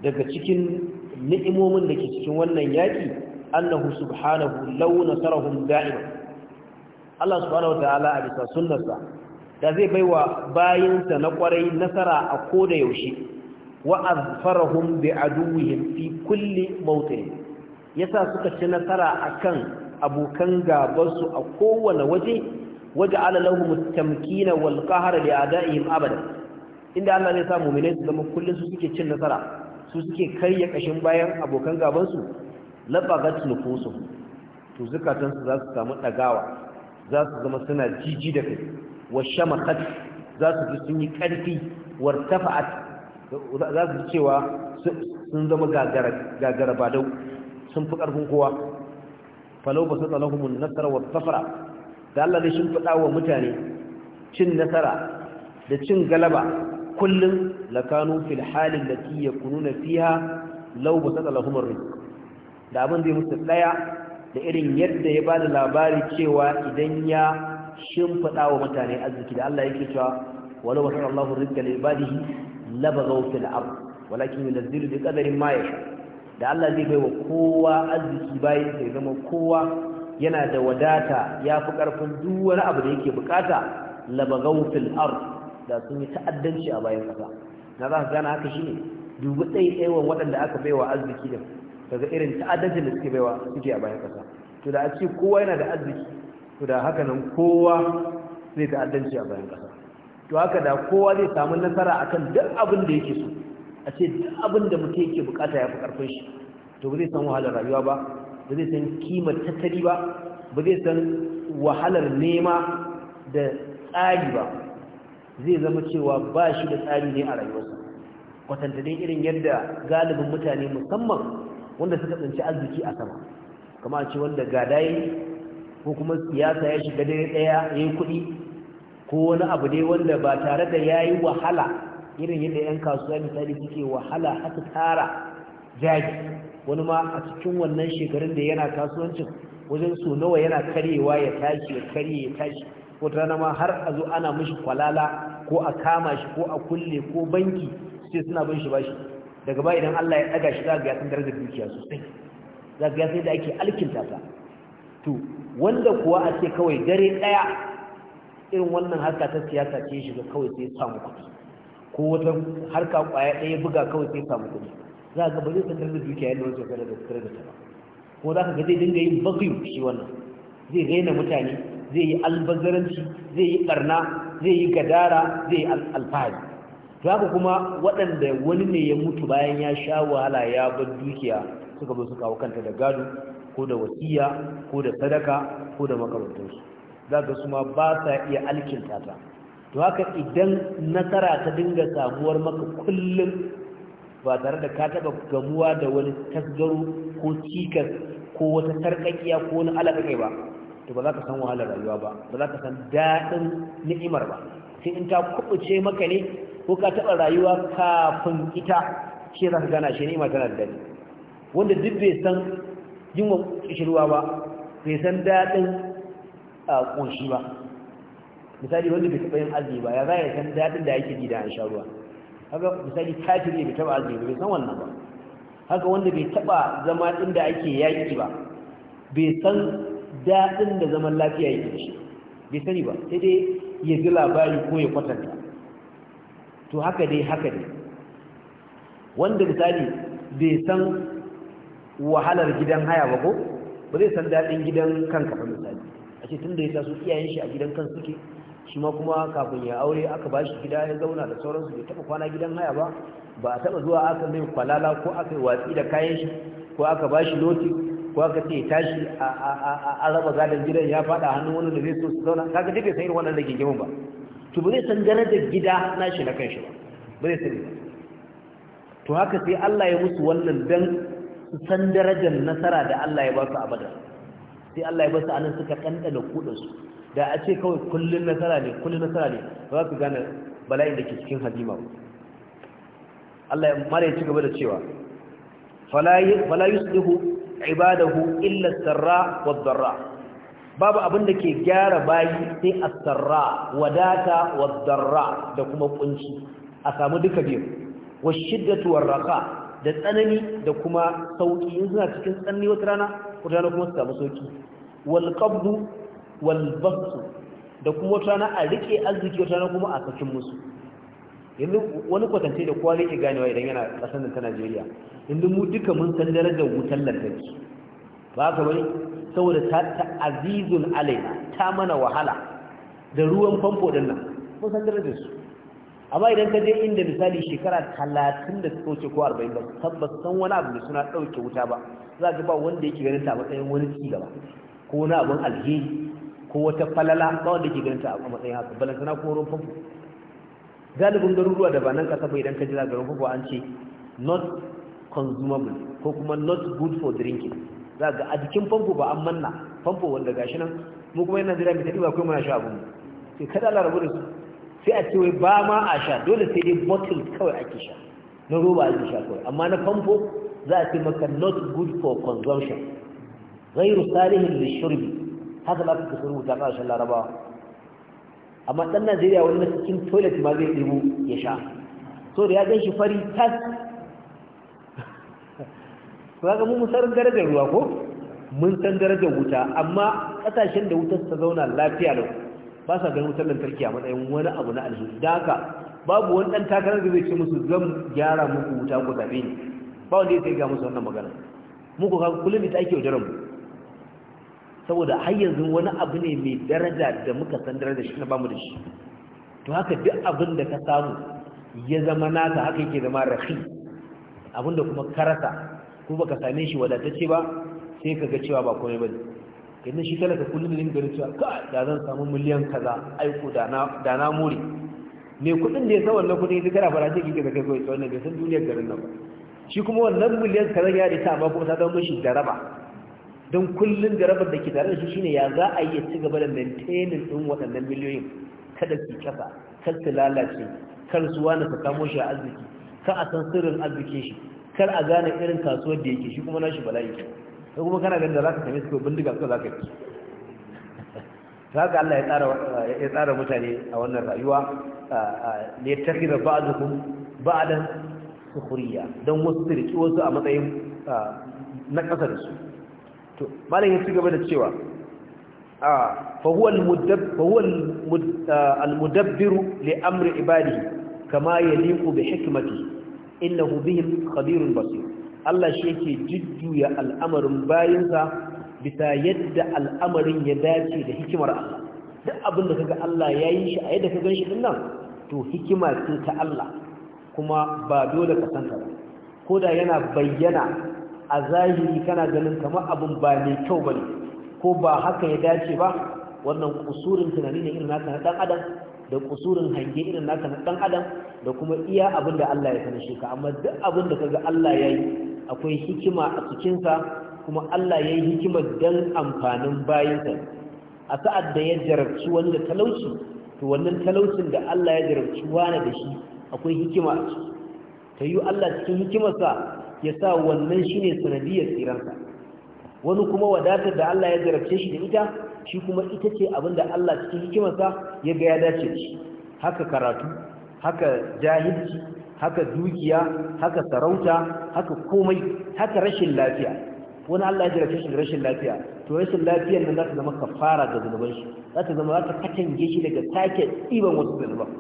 daga cikin ni'imomin da ke cikin wannan yaki annahu subhanahu law nasarahum da'iman Allah subhanahu wataala a bisa sunnarsa da zai baiwa bayinsa na kwarai nasara a koda yaushe wa azfarahum bi aduwwihim fi kulli mawtin yasa suka ci nasara akan abokan gabansu a kowane waje waja'ala lahum at-tamkina wal qahra li a'da'ihim abada inda Allah zai sa mu'minai su zama kullun su suke cin nasara su suke karya kashin bayan abokan gaban su labagat nufusu to zakatan su za su samu dagawa za su zama suna jiji da kai wa shamakat za su ji sun yi karfi wartafa'at za su ji cewa sun zama gagara badau sun fi karfin kowa falau ba su tsalahumun nasara wa safara da Allah ne shimfiɗa wa mutane cin nasara da cin galaba kullum lakanu fil halin lati yakununa fiha law basata lahum ar da abin zai musu daya da irin yadda ya bada labari cewa idan ya shimfada wa mutane arziki da Allah yake cewa walau wasara Allahu rizqa li ibadihi labaghaw fil ard walakin yunzilu bi qadarin ma yasha da Allah zai bai wa kowa arziki bayan sai zama kowa yana da wadata ya fi ƙarfin duk abu da yake bukata labagau fil ard da sun yi ta'addanci a bayan ƙasa na za ka gana haka shine dubi tsaitsayewan waɗanda aka baiwa arziki din daga irin ta'addancin da suke baiwa suke a bayan ƙasa to da a ce kowa yana da arziki to da haka nan kowa zai ta'addanci a bayan ƙasa to haka da kowa zai samu nasara akan duk abin da yake so a ce duk abin da mutum yake bukata ya fi ƙarfin shi to ba zai samu wahalar rayuwa ba ba zai san kimar tattali ba ba zai san wahalar nema da tsari ba zai zama cewa ba shi da tsari ne a rayuwarsa kwatanta dai irin yadda galibin mutane musamman wanda suka tsinci arziki a sama kama ce wanda gada yi ko kuma siyasa ya shiga dare daya ya yi kuɗi ko wani abu dai wanda ba tare da ya yi wahala irin yadda 'yan kasuwa misali suke wahala haka tara jagi wani ma a cikin wannan shekarun da yana kasuwancin wajen so nawa yana karyewa ya tashi ya karye ya tashi wata rana ma har a zo ana mishi kwalala ko a kama shi ko a kulle ko banki sai suna bin shi bashi daga ba idan Allah ya daga shi za ya san darajar dukiya sosai za ya san da ake alkinta ta to wanda kuwa a kawai dare daya irin wannan harka ta siyasa ce shiga kawai sai samu kuɗi ko wata harka kwaya ɗaya buga kawai sai samu kuɗi za a ba zai tsakar da dukiya yadda wancan sosai da tsakar da ta ba ko za ka ga zai dinga yin bagiyu shi wannan zai raina mutane zai yi albazaranci zai yi barna zai yi gadara zai yi alfahari to haka kuma waɗanda wani ne ya mutu bayan ya sha wahala ya bar dukiya suka zo su kawo kanta da gado ko da wasiya ko da sadaka ko da makarantarsu za ka su ba sa iya alkinta ta to haka idan nasara ta dinga samuwar maka kullum ba tare da ka taba gamuwa da wani tasgaro ko cikas ko wata sarkakiya ko wani alaƙaƙe ba to ba za ka san wahalar rayuwa ba ba za ka san daɗin ni'imar ba sai in ta kubuce maka ne ko ka taɓa rayuwa kafin ita ce za ka gana shi ni'ima tana da daɗi wanda duk bai san yin wa kishirwa ba bai san daɗin ƙunshi ba misali wanda bai taɓa yin azumi ba ya za ya san daɗin da yake ji da an sha ruwa haka misali kafiri bai taba azumi bai san wannan ba haka wanda bai taba zama inda ake yaki ba bai san daɗin da zaman lafiya yake shi bai sani ba sai dai ya ji labari ko ya kwatanta to haka dai haka dai wanda misali bai san wahalar gidan haya ba ko ba zai san daɗin gidan kanka ba misali a ce tun da ya sa su iyayen shi a gidan kan suke shi ma kuma kafin ya aure aka bashi gida ya zauna da sauransu bai taba kwana gidan haya ba ba a taba zuwa aka mai kwalala ko aka yi watsi da kayan shi ko aka bashi loti ko aka ce tashi a raba gadon gidan ya fada hannun wani da zai so su zauna kaga duk bai san irin wannan da gingimin ba to ba zai san gane da gida na shi na kanshi ba ba zai sani ba to haka sai Allah ya musu wannan dan su san darajar nasara da Allah ya ba su a badar sai Allah ya ba su anan suka kankana kudin su da a ce kawai kullum nasara ne kullun nasara ne ba za ku gane bala'in da ke cikin hazima Allah ya mara ya ci gaba da cewa fala yuslihu ibadahu illa sarra wa darra babu abin da ke gyara bayi sai as-sarra wadata wa darra da kuma kunci a samu duka biyu wa shiddatu war da tsanani da kuma sauki in suna cikin tsanani wata rana wata rana kuma su samu sauki wal qabdu walbasu da kuma wata na a riƙe arziki wata na kuma a sakin musu yanzu wani kwatance da kowa zai ganewa idan yana ƙasar nan ta najeriya inda mu duka mun san darajar wutar lantarki ba ka bane saboda ta ta'azizun alaina ta mana wahala da ruwan famfo din nan mun san darajar su amma idan ka je inda misali shekara talatin da su ko arba'in ba tabbas san wani abu da suna ɗauke wuta ba za ka ba wanda yake ganin ta matsayin wani ci gaba ko wani abin alheri ko wata falala ba wanda ke ganin ta a matsayin haka balantana ko koron famfo galibin garuruwa da ba nan kasa bai dan ka jira garin fufu an ce not consumable ko kuma not good for drinking za ga a jikin famfo ba an manna famfo wanda gashi nan mu kuma yana jira mai tafi ba kai muna sha abin sai kada Allah rabu da su sai a ce wai ba ma a sha dole sai dai bottle kawai ake sha na roba ake sha kawai amma na famfo za a ce maka not good for consumption ghairu salihin lishurbi haka za ka sun rubuta ƙasashen laraba amma ɗan najeriya wani cikin toilet ma zai ɗebo ya sha so da ya gan shi fari tas ba ga mun san darajar ruwa ko mun san darajar wuta amma ƙasashen da wutar ta zauna lafiya lau ba sa ganin wutar lantarki a matsayin wani abu na alheri da haka babu wani ɗan takarar da zai ce musu zan gyara muku wuta ku zaɓe ni ba wanda ya sai ga musu wannan magana muku kullum ita ake yaudarar mu saboda har yanzu wani abu ne mai daraja da muka san daraja shi na bamu da shi to haka duk abin da ka samu ya zama naka haka yake zama rahi abin da kuma karasa ko baka same shi wadatacce ba sai ka ga cewa ba komai bane idan shi kala ka kullum ne gari cewa ka da zan samu miliyan kaza aiko da na da na more me kudin da ya sa wannan kudin da kana fara take da kai kai wannan bai san duniyar garin nan ba shi kuma wannan miliyan kaza ya da ta ba kuma ta zama mishi da raba don kullum da rabar da ke tare da shi shine ya za a iya ci gaba da maintaining ɗin waɗannan miliyoyin kada su kafa, kar su lalace kar su wani su kamo shi a arziki kar a san sirrin arzikin shi kar a gane irin kasuwar da yake shi kuma nashi bala'i ke ko kuma kana ganin da zaka same su ko bindiga ko zaka yi haka Allah ya tsara ya tsara mutane a wannan rayuwa ne takhira ba'dukum ba'dan sukhriya don wasu riki wasu a matsayin na kasar su to malam ya ci gaba da cewa a fa huwa al-mudabbir li amri ibadihi kama yaliqu bi hikmatihi innahu bihim khabirun basir Allah shi yake jujjuya al'amarin bayinsa bisa yadda al'amarin ya dace da hikimar Allah duk abin da kaga Allah ya yi shi a yadda ka ganshi din nan to hikima ce ta Allah kuma ba dole ka san ka ba ko yana bayyana a zahiri kana ganin kamar abun ba mai kyau bane ko ba haka ya dace ba wannan kusurin tunani ne irin naka na dan adam da kusurin hange irin naka na dan adam da kuma iya abin da Allah ya sanar ka amma duk abin da kaga Allah ya yi akwai hikima a cikin sa kuma Allah ya yi hikima dan amfanin bayinsa a sa'ad da ya jarabci wanda talauci to wannan talaucin da Allah ya jarabci wani da shi akwai hikima a ciki ta yi Allah cikin hikimarsa ya sa wannan shi ne sanadiyar tsiransa wani kuma wadatar da Allah ya zarafce shi da ita shi kuma ita ce abinda Allah cikin hikimarsa ya ga ya dace shi haka karatu haka jahilci haka dukiya haka sarauta haka komai haka rashin lafiya wani Allah ya zarafce shi da rashin lafiya to rashin lafiyar nan za ta zama kafara ga zunuban shi za ta zama za ta katange shi daga sake ɗiban wasu zunuban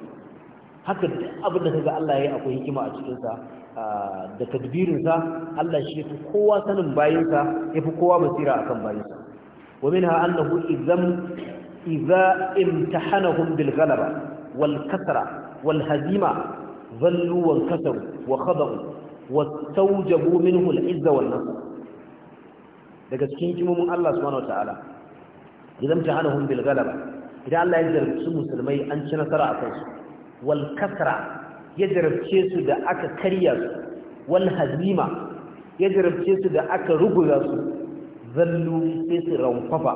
haka duk abin da ga Allah ya yi akwai hikima a cikin sa da tadbirinsa Allah shi fi kowa sanin bayinsa ya fi kowa basira a kan bayinsa wa min annahu idan ta hana bil galaba, wal kasra wal hazima zallu wal kasaru wa khadau wa tawjabu minhu al wannan. wal nasr daga cikin kimomin Allah subhanahu Ta'ala idan ta hana bil galaba idan Allah ya zarfi musulmai an ci nasara a kansu wal kasra ya jarabce su da aka karya su wal hazima ya jarabce su da aka ruguza su zallu sai su rankwafa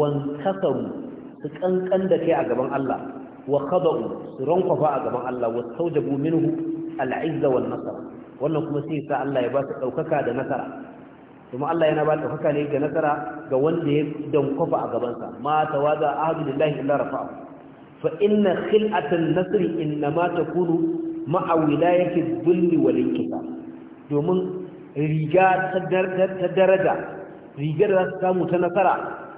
wan kasaru su kankan da kai a gaban Allah wa khada'u su rankwafa a gaban Allah wa tawjabu minhu al-izza wan nasara wannan kuma sai sa Allah ya ba su daukaka da nasara kuma Allah yana ba daukaka ne ga nasara ga wanda ya dankwafa a gaban gabansa ma tawaza ahadu lillahi illa rafa'u fa inna khil'atan nasri inma takunu ma'a wilayatin bulli walin kisa domin riga ta daraja rigar da su samu ta nasara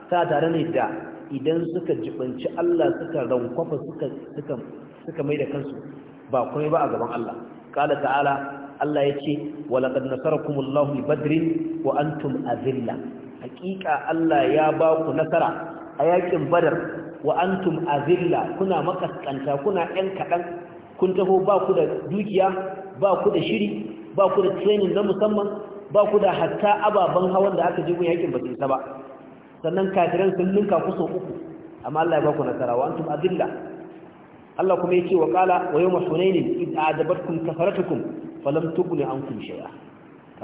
ta tare ne da idan suka jibanci Allah suka rankwafa suka mai da kansu ba kuma ba a gaban Allah kala ta'ala Allah ya ce kuma nasarakumullahu bi badrin wa antum azilla hakika Allah ya ba ku nasara a yakin badar wa antum kuna makaskanta kuna yan kaɗan kun taho ba ku da dukiya ba ku da shiri ba ku da training na musamman ba ku da hatta ababen hawan da aka je gun yakin bakin sa ba sannan kafiran sun ninka ku sau uku amma Allah ya ba ku nasara wa antum adilla Allah kuma yake wa qala wa yawma hunain id a'jabatkum kafaratukum falam tughni ankum shay'a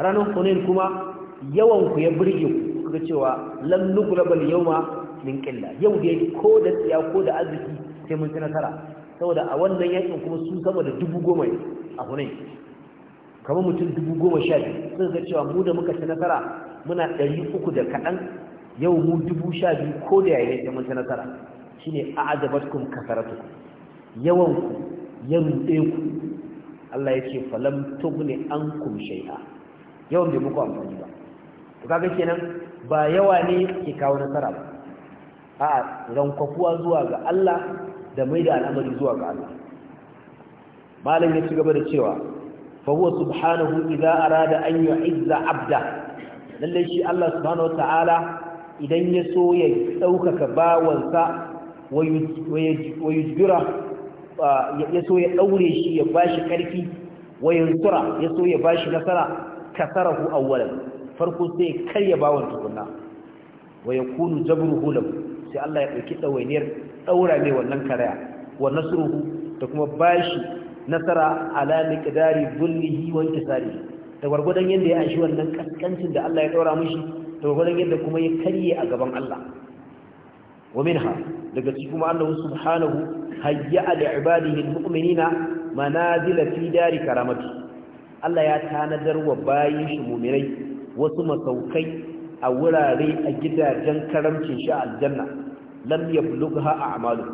ranan hunain kuma yawan ku ya burge ku kaga cewa lam nughlabal yawma min qilla yau dai ko da tsiya ko da arziki sai mun ci nasara saboda a wannan yakin kuma sun sama da dubu goma a hunai kamar mutum dubu goma sha biyu sun ga cewa mu da muka ci nasara muna ɗari uku da kaɗan yau mu dubu sha biyu ko da yayin da mun ci nasara shine a ajabatkum kasaratukum yawan ku ya ruɗe ku Allah ya ce falam an ankum shay'a yawan bai muku amfani ba to kaga kenan ba yawa ne ke kawo nasara ba a'a rankwafuwa zuwa ga Allah da mai da al'amari zuwa ga Allah malam ya ci gaba da cewa fa huwa subhanahu idza arada an yu'izza abda lalle shi Allah subhanahu wata'ala idan ya so ya daukaka bawansa wa yujbira ya so ya daure shi ya bashi karfi wa yansura ya so ya bashi nasara kasarahu awwalan farko sai karya bawan tukunna wa yakunu jabruhu lahu sai Allah ya dauki dawainiyar daura mai wannan karaya wa nasruhu da kuma bashi nasara ala miqdari dhullihi wa intisari da gurgudan yanda ya ashi wannan kaskancin da Allah ya daura mishi da gurgudan yanda kuma ya karye a gaban Allah wa minha daga cikin kuma Allah subhanahu hayya li ibadihi almu'minina manazila fi dari karamati Allah ya tanadar wa bayin shi mu'minai wasu masaukai a wurare a gidajen karamcin shi aljanna lam yablugha a'malu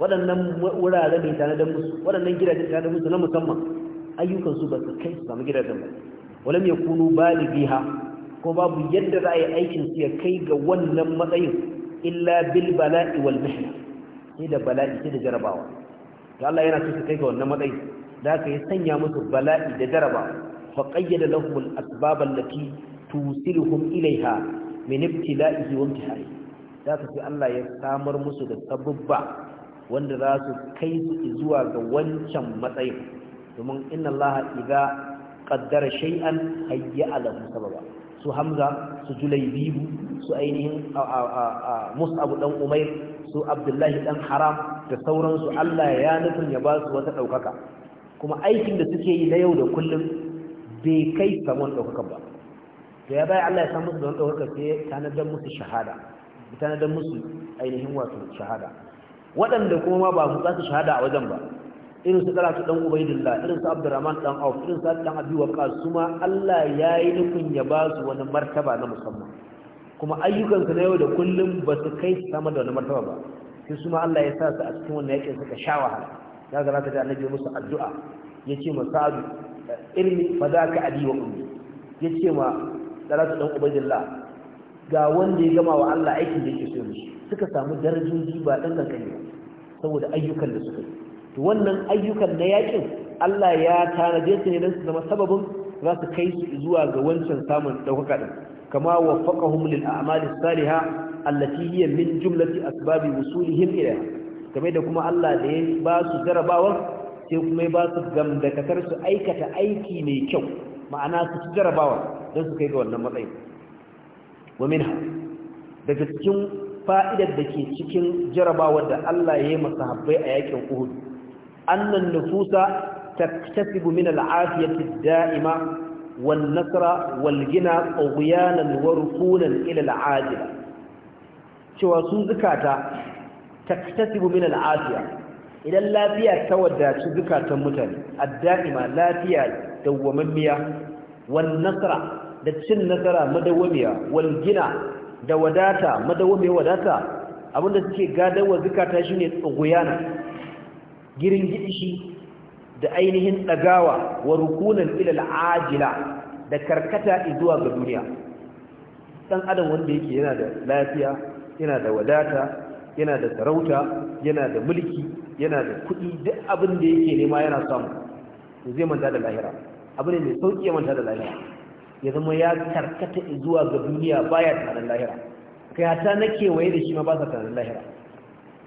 waɗannan wuraren ne tana da musu waɗannan gidajen tana da musu na musamman ayyukan su ba su kai su samu gidajen ba walam yakunu balighiha ko babu yadda za a yi aikin su ya kai ga wannan matsayin illa bil bala'i wal mihna sai da bala'i sai da jarabawa to Allah yana so su kai ga wannan matsayi da aka yi sanya musu bala'i da jarabawa fa qayyada lahum al asbab allati tusiluhum ilayha min ibtila'ihi wa imtihanihi za ka sai Allah ya samar musu da sabubba wanda za su kai su zuwa ga wancan matsayin domin inna Allah idza qaddara shay'an hayya lahu sababa su Hamza su Julaybibu su ainihin Mus'ab dan Umair su Abdullahi dan Haram da sauransu Allah ya nufin ya ba su wata daukaka kuma aikin da suke yi na yau da kullum bai kai samun daukaka ba to ya bai Allah ya samu su don daukaka sai tanadar musu shahada tanadar musu ainihin wato shahada waɗanda kuma ba su tsaka shahada a wajen ba irin su karatu dan ubaidillah irin su abdurrahman ɗan auf irin su ɗan abi waqas kuma Allah ya yi nufin ya ba su wani martaba na musamman kuma ayyukan na yau da kullum ba su kai su sama da wani martaba ba sai su ma Allah ya sa su a cikin wannan yakin suka sha wahala ya ga zaka ji annabi musu addu'a Ya ce ma sa'adu Irin fa za ka abi wa ummi ce ma karatu ɗan ubaidillah ga wanda ya gama wa Allah aikin da yake so mishi suka samu darajoji ba dan kankani saboda ayyukan da suka yi to wannan ayyukan na yakin Allah ya tanaje su ne don su zama sababin za su kai su zuwa ga wancan samun daukaka din kama waffaqahum lil a'malis saliha allati hiya min jumlati asbabi wusulihim ilayha kamar da kuma Allah da ya ba su jarabawar sai kuma ya ba su gamdakatar su aikata aiki mai kyau ma'ana su ci jarabawa don su kai ga wannan matsayin. wa daga cikin fa'idar da ke cikin jarabawar da Allah ya yi masahabbai a yakin Uhud annan nufusa taktasibu min al'afiyati da'ima wan nasra wal gina qawyanan wa rukunan ila al'ajila cewa su zukata taktasibu min al'afiya idan lafiya ta wadaci zukatan mutane ad-da'ima lafiya dawwamammiya wan nasra da cin nasara Madawamiya, wal gina da wadata Madawamiya wadata abinda suke wa zukata shine tsuguyana girin gidishi da ainihin dagawa wa rukunan ila ajila da karkata zuwa ga duniya dan adam wanda yake yana da lafiya yana da wadata yana da sarauta yana da mulki yana da kuɗi duk abin da yake nema yana samu zai manta da lahira abin da mai sauƙi ya manta da lahira ya zama ya karkata zuwa ga duniya baya tunanin lahira kai na kewaye da shi ma ba sa tunanin lahira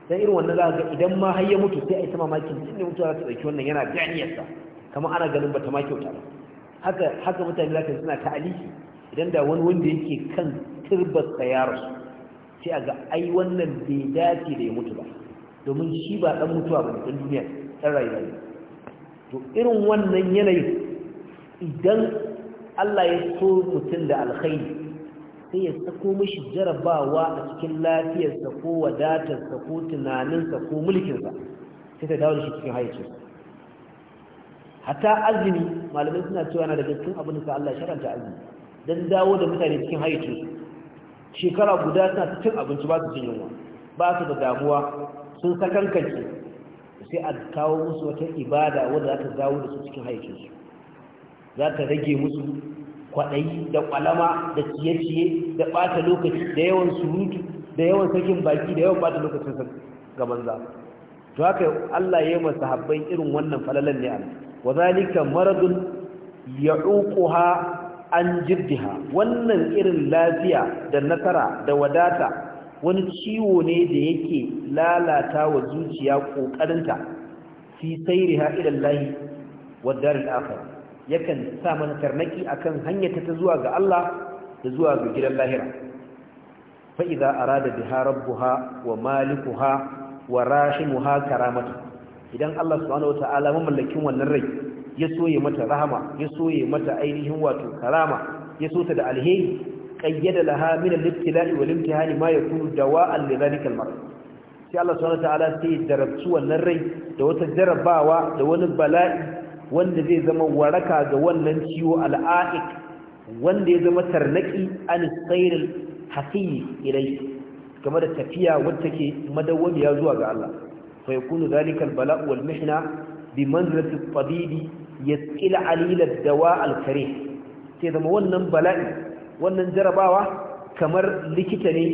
dan irin wannan za ga idan ma har ya mutu sai a yi ta mamakin tun ne mutuwa za ta ɗauki wannan yana ganiyarsa kamar ana ganin bata ma kyauta ba haka haka mutane za ka suna ta'aliki idan da wani wanda yake kan turbar tsayar sai a ga ai wannan bai dace da ya mutu ba domin shi ba dan mutuwa ba dan duniya dan rayuwa to irin wannan yanayin idan Allah ya so mutum da alkhairi sai ya sako mishi jarabawa a cikin lafiyarsa ko wadatarsa ko tunaninsa ko mulkinsa sai ta dawo da shi cikin hayyacinsa hatta azumi malamai suna cewa na daga cikin abin da Allah sharanta azumi dan dawo da mutane cikin hayyacinsu shekara guda suna cikin abinci ba su cin yunwa ba su da damuwa sun sakankance sai a kawo musu wata ibada wadda za ta dawo da su cikin su. za ta rage musu kwaɗayi da ƙwalama da ciye-ciye da ɓata lokaci da yawan surutu da yawan sakin baki da yawan ɓata lokacin gaban za to haka Allah ya yi masa habban irin wannan falalan ne an wa zalika maradun ya'uquha an jiddiha wannan irin lafiya da nasara da wadata wani ciwo ne da yake lalata wa zuciya ƙoƙarinta fi sairiha ilallahi wa daril akhirah yakan sa mana tarnaki akan hanyata ta zuwa ga Allah da zuwa ga gidan lahira fa idza arada biha rabbuha wa malikuha wa rashimuha karamatu idan Allah subhanahu wataala mamallakin wannan rai ya soye mata rahama ya soye mata ainihin wato karama ya so ta da alheri qayyada laha min al-ibtila'i wal imtihani ma yakunu dawa'an li dhalika al-marad sai Allah subhanahu wataala sai darabtu wannan rai da wata jarabawa da wani bala'i wanda zai zama waraka ga wannan ciwo al'aik wanda ya zama tarnaki an tsairin hafiyi ilai game da tafiya wadda ke madawwamiya zuwa ga Allah fa yakunu zalika al-bala'u wal mihna bi manzilati at-tabibi yasqil 'alila dawa al sai zama wannan bala'i wannan jarabawa kamar likita ne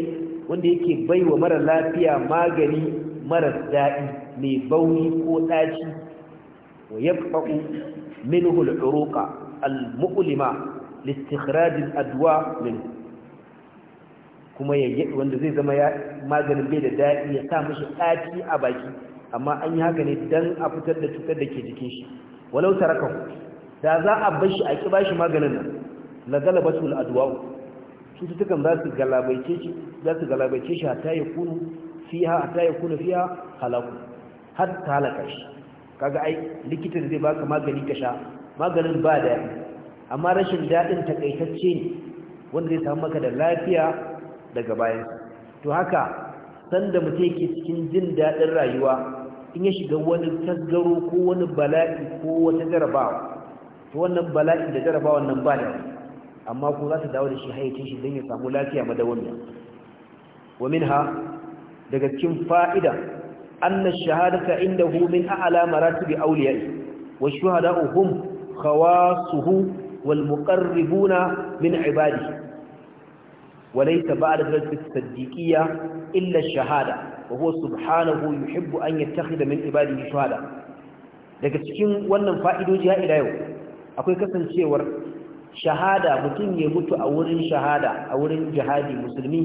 wanda yake baiwa mara lafiya magani mara daɗi mai bauni ko ɗaci wa yaqta'u minhu al-uruqa al-mu'lima li kuma ya wanda zai zama maganin bai da daɗi ya sa mashi ɗaki a baki amma an yi haka ne dan a fitar da cutar da ke jikin shi walau tarakahu da za a bar shi a bashi maganin nan la galabatul adwa cututtukan za su galabaice shi za su galabaice shi hatta ya kunu fiya hatta ya kunu fiha halaku halaka shi kaga ai likita zai baka magani ka sha maganin ba daɗi amma rashin daɗin takaitacce ne wanda zai samu maka da lafiya daga bayan to haka sanda mutum yake cikin jin daɗin rayuwa in ya shiga wani tasgaro ko wani bala'i ko wata jarabawa to wannan bala'i da jarabawa nan ba da amma ko za ta dawo da shi hayyacin shi don ya samu lafiya madawwamiya wa minha daga cikin fa'ida أن الشهادة عنده من أعلى مراتب أوليائه والشهداء هم خواصه والمقربون من عباده وليس بعد ذلك الصديقية إلا الشهادة وهو سبحانه يحب أن يتخذ من عباده شهادة daga cikin wannan fa'idoji ila yau akwai kasancewar shahada mutum ya mutu a wurin shahada a wurin jihadi musulmi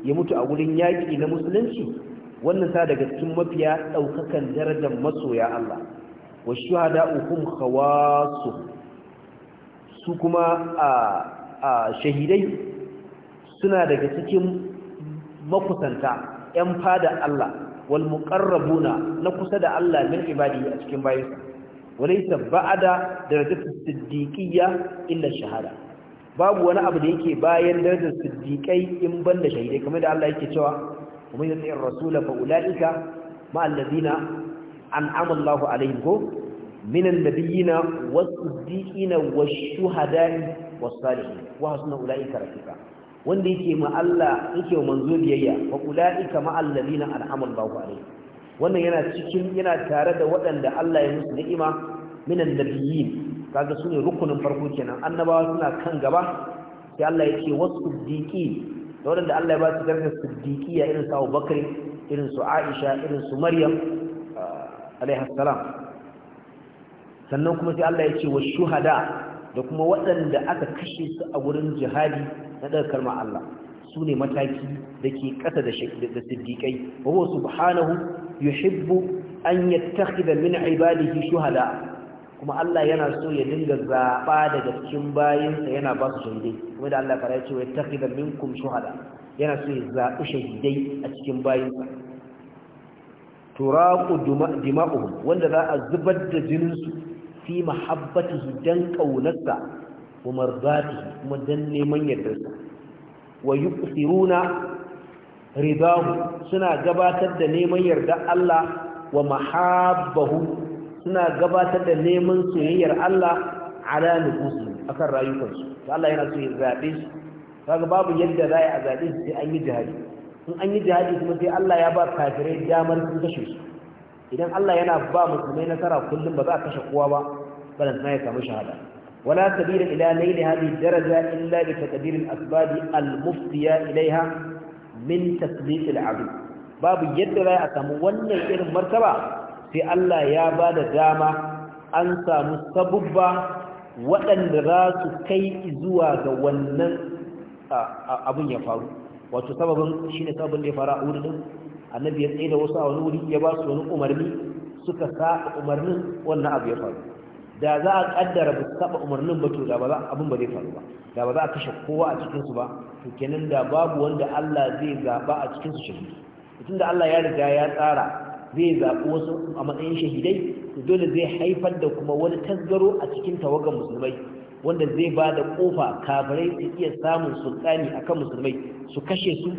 ya mutu a wurin yaƙi na musulunci wannan ta daga cikin mafiya ɗaukakan darajar masoya Allah wa shuhada uhum khawasu su kuma a shahidai suna daga cikin makusanta 'yan fada Allah wal muqarrabuna na kusa da Allah min ibadi a cikin bayansa walaysa ba'da darajatu siddiqiyya illa shahada babu wani abu da yake bayan darajar siddiqai in banda shahidai kamar da Allah yake cewa ومن يطع الرسول فأولئك مع الذين أنعم الله عليهم من النبيين والصديقين والشهداء والصالحين وحسن أولئك رفيقا wanda yake ma Allah yake manzo biyayya wa ulaika ma alladhina an'ama Allahu alaihim wannan yana cikin yana tare da waɗanda Allah ya musu ni'ima minan nabiyyin kaga sune rukunin farko kenan annabawa suna kan gaba sai Allah yake wasuddiqi da waɗanda Allah ya ba su darajar siddiqiya irin su Abu Bakr irin su Aisha irin su Maryam ah, alaiha salam sannan kuma sai Allah ya ce wa shuhada da kuma waɗanda aka kashe su a wurin jihadi na daga kalmar Allah su ne mataki da ke ƙasa da siddiƙai wa subhanahu yuhibbu an yattakhidha min ibadihi shuhada kuma Allah yana so ya dinga zaɓa daga cikin bayinsa yana ba su shahidai kuma da Allah fara ya ce wa yattakhidha minkum shuhada yana so ya zaɓi shahidai a cikin bayinsa turaqu dima'uhum wanda za a zubar da jinin su fi mahabbatihi dan ƙaunarsa, wa mardatihi kuma don neman yardarsa wa yuqsiruna ridahu suna gabatar da neman yarda Allah wa mahabbahu suna gabatar da neman soyayyar Allah ala nufusu akan rayukansu Allah yana so ya zabe su kaga babu yadda za a zabe su sai an yi jihadi in an yi jihadi kuma sai Allah ya ba kafirai damar sun kashe su idan Allah yana ba musulmai nasara kullum ba za a kashe kowa ba balan sai ya samu shahada wala sabila ila nail hadhihi daraja illa bi taqdir al asbab al muftiya ilaiha min tasdiq al adu babu yadda za a samu wannan irin martaba sai Allah ya ba da dama an samu sabubba waɗanda za su kai zuwa ga wannan abin ya faru wato sababin shi ne sababin da ya faru a wurin annabi ya tsaye da wasu a wani wuri ya ba su wani umarni suka sa umarnin wannan abu ya faru da za a ƙaddara ba su saba umarnin ba to da ba za abin ba zai faru ba da ba za a kashe kowa a cikinsu ba to kenan da babu wanda Allah zai zaba a cikinsu shi tunda Allah ya riga ya tsara zai zaɓi wasu a matsayin shahidai to dole zai haifar da kuma wani tasgaro a cikin tawagar musulmai wanda zai ba da ƙofa kafirai su iya samun sultani a kan musulmai su kashe su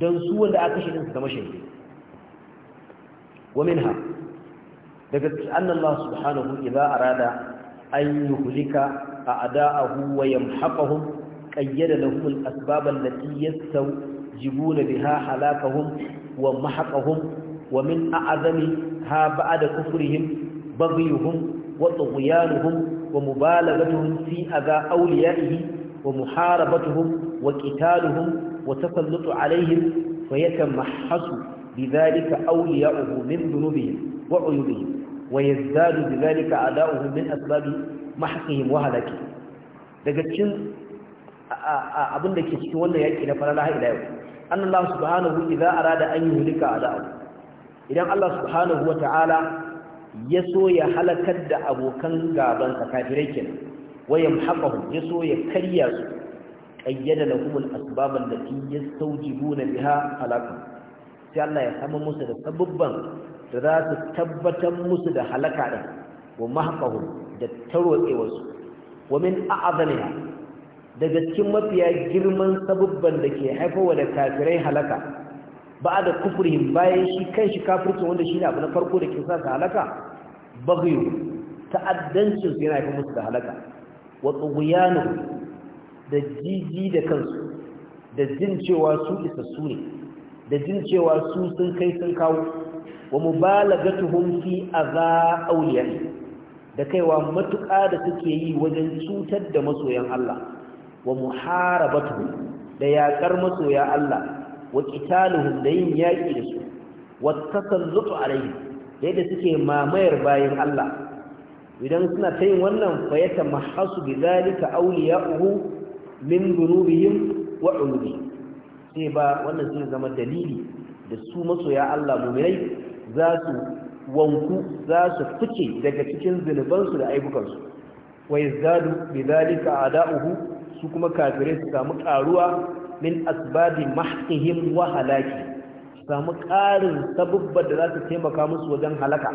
don su wanda aka kashe ɗin su zama shahidai wa minha daga annan Allah subhanahu idza arada an yuhlika a'da'ahu wa yamhaqahum qayyada lahum al-asbab allati yastawjibuna biha halakahum wa mahaqahum wa min a'azami ha ba'da kufrihim baghiyuhum wa tughyanuhum wa mubalaghatuhum fi adha awliya'ihi wa muharabatuhum wa qitaluhum wa tasallutu alaihim fayatamahhasu bidhalika awliya'uhu min dhunubihim wa 'uyubihim wa yazdadu bidhalika ada'uhu min asbabi mahqihim wa halakihim daga cikin abin da ke cikin wannan yaƙi na farala har ila yau annallahu subhanahu idza arada an yuhlika ada'u idan Allah subhanahu wa ta'ala ya so ya halakar da abokan gabansa kafirai kenan wayan haƙahu ya so ya karya su ƙayyada na kuma asbaban da ya na biha halakun sai Allah ya sami musu da sabubban da za su tabbatar musu da halaka ɗin wa mahaqahu da tarotsewarsu wa min a'azamiha daga cikin mafiya girman sabubban da ke haifarwa da kafirai halaka ba da kufurin bayan shi kan shi kafircin wanda shi ne abu na farko da kisa sa halaka baghiyu ta'addancin yana haifar musu da halaka wa tsughiyanu da jiji da kansu da jin cewa su isassu ne da jin cewa su sun kai sun kawo wa mubalagatuhum a adha awliya'i da kaiwa matuƙa da suke yi wajen cutar da masoyan Allah wa muharabatuhum da yaƙar masoya Allah wa qitaluhum da yin yaƙi da su wa tasallutu alaihim yadda suke mamayar bayan Allah idan suna ta yin wannan fa ya tamahhasu bi zalika awliya'uhu min dhunubihim wa 'ulubihim sai ba wannan zai zama dalili da su masoya Allah mu'minai za su wanku za su fice daga cikin zunubansu da aibukansu wa yazdadu bi zalika ada'uhu su kuma kafirai su samu ƙaruwa. min asbabi mahqihim wa halaki samu karin sabubbar da za su taimaka musu wajen halaka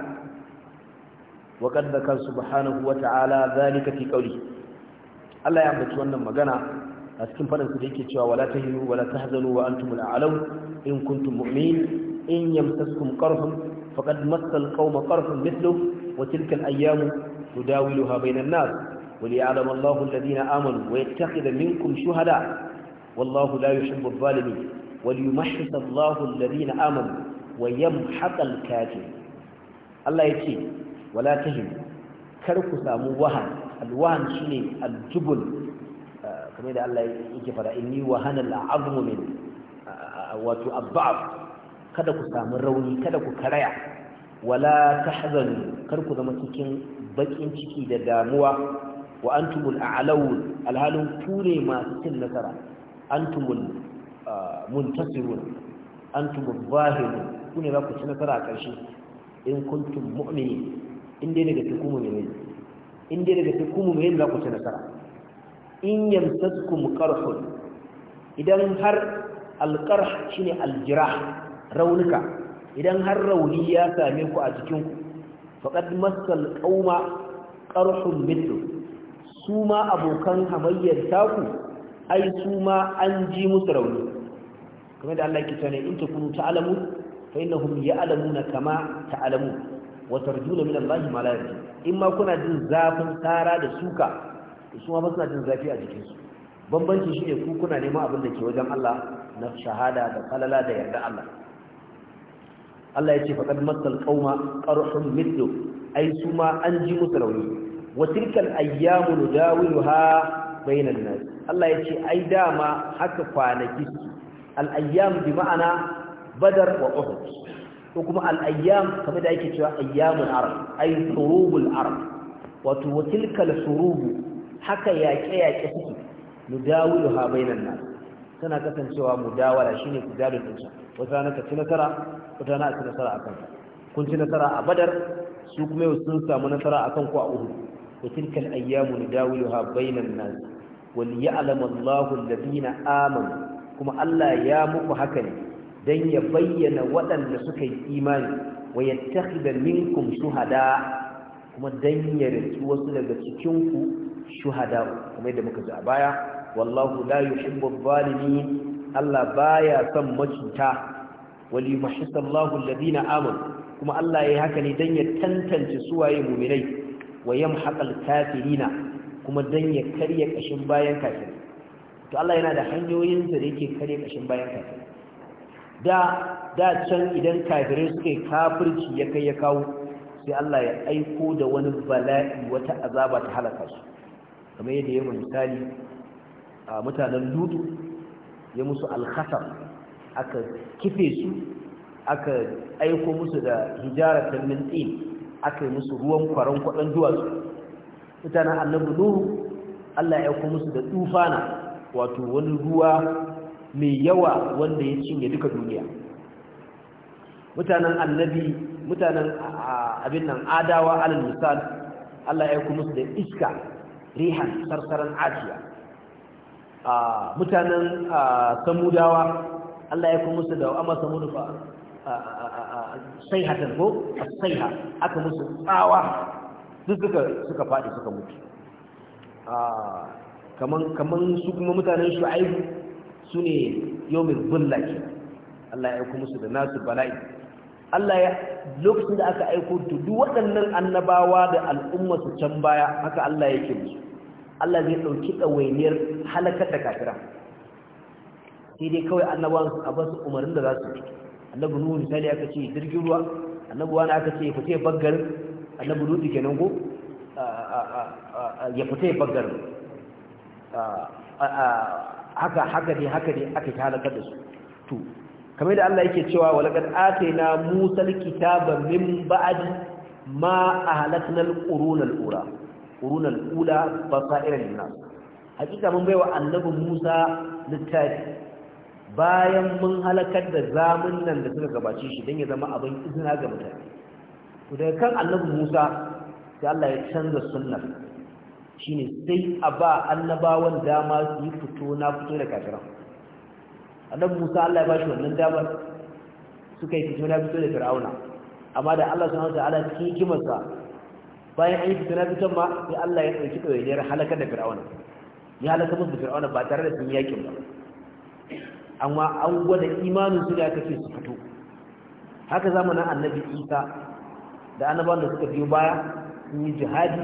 wa qad dhakara subhanahu wa ta'ala zalika fi qawli Allah ya ambaci wannan magana a cikin fadin su da yake cewa wala tahinu wala tahzanu wa antum al'alam in kuntum mu'min in yamsaskum qarhun faqad massal qauma qarhun mithluhu wa tilka al-ayyamu tudawiluha bayna an-nas وليعلم الله الذين آمنوا ويتخذ منكم شهداء والله لا يحب الظالمين وليمحص الله الذين آمنوا ويمحق الكافرين الله يتي ولا تهم كركو سامو وهن الوهن شنو الجبن كما يدعى الله يكي فدا إني وهن العظم من wato abba'af kada ku samu rauni kada ku karaya wala tahzanu kar ku zama cikin bakin ciki da damuwa wa antumul a'lawun alhalin ture masu cin nasara antumul ah, muntasirun antumul zahirun ku ne za ku ci nasara a ƙarshe in kuntum mu'mini in dai daga cikin mu'mini in dai daga mu ne za ku ci nasara in yamsaskum qarhun idan har alqarh shine aljirah raunuka idan har rauni ya same ku a cikin ku faqad masal qauma qarhun mithlu su ma abokan hamayyar taku ai su ma an ji musu rauni kamar da Allah ke cewa in takunu ta'lamu fa innahum ya'lamuna kama ta'lamu wa tarjuna min Allah ma la yarjun in ma kuna jin zafin tsara da suka su ma ba suna jin zafi a jikin su bambanci shine ku kuna neman abin da ke wajen Allah na shahada da falala da yarda Allah Allah ya ce faqad masal qauma qarhum mithlu ai su ma an ji musu rauni wa tilkal ayyamu nudawiluha bainan nas Allah ya ce ai dama haka kwanaki su al'ayyam bi ma'ana badar wa uhud ko kuma al'ayyam kamar da ake cewa ayyamun arab ai surubul arab wato wa tilkal surubu haka yaƙe yaƙe suke mudawilu ha bainan nan. tana kasancewa mudawala shine kudalin dinsa wata rana ka ci nasara wata rana a ci nasara akan kun ci nasara a badar su kuma yau sun samu nasara akan ku a uhud wa tilkal ayyamu nudawiluha bainan nan. وليعلم الله الذين آمنوا كما الله يا مكهكني دن يبين ودن سكي إيمان ويتخذ منكم شهداء كما دن يرسل وصلك تكينكم شهداء كما يدى مكز أبايا والله لا يحب الظالمين الله بايا ثم مجتا وليمحص الله الذين آمنوا كما الله يهكني دن يتنتن سواء مؤمنين ويمحق الكافرين kuma dan ya karya ƙashin bayan kafin to Allah yana da hanyoyin da yake karya ƙashin bayan kafin da da can idan kafirai suka yi kafirci ya kai ya kawo sai Allah ya aiko da wani bala'i wata azaba ta halaka su kamar yadda ya misali a mutanen lutu ya musu alkhasar aka kife su aka aiko musu da hijaratan min tin aka yi musu ruwan kwaron kwaɗon duwatsu mutanen annabi nuhu Allah ya kuma musu da tufana wato wani ruwa mai yawa wanda ya cinye duka duniya mutanen annabi mutanen abin nan adawa alal misal Allah ya kuma musu da iska rihan sarsaran ajiya mutanen samudawa Allah ya kuma musu da amma samudu fa sai hatan ko sai ha aka musu tsawa duk suka faɗi suka mutu ah, Kamar su kuma mutanen shu'aibu su ne yomin bulla Allah ya aiko musu da nasu bala'i Allah ya lokacin da aka aiko duk waɗannan annabawa da su can baya haka Allah yake musu Allah zai ɗauki ɗawainiyar halakar da kafira sai dai kawai annabawan su a basu umarnin da za su fi Annabu nuhu misali aka ce jirgin ruwa annabi wani aka ce fite baggar annabi lutu kenan ko ya fita ya baggar haka haka ne haka ne aka ta halakar da su to kamar da Allah yake cewa walaqad atayna musar alkitaba min ba'd ma ahlakna ƙura alura quruna alula basa'ira linnas hakika mun baiwa annabi musa littafi bayan mun halakar da zamun nan da suka gabace shi don ya zama abin izina ga mutane to daga kan annabi Musa sai Allah ya canza sunnar shine sai a ba annabawan dama su yi fito na fito da kafiran annabi Musa Allah ya bashi wannan damar suka yi fito na fito da Fir'auna amma da Allah subhanahu wataala cikin hikimarsa bayan an yi fito na fito ma sai Allah ya ɗauki ɗawainiyar halakar da Fir'auna ya halaka musu da Fir'auna ba tare da sun yakin ba amma an gwada imanin su da aka ce su fito haka zamanin annabi Isa da annabawan da suka biyo baya sun yi jihadi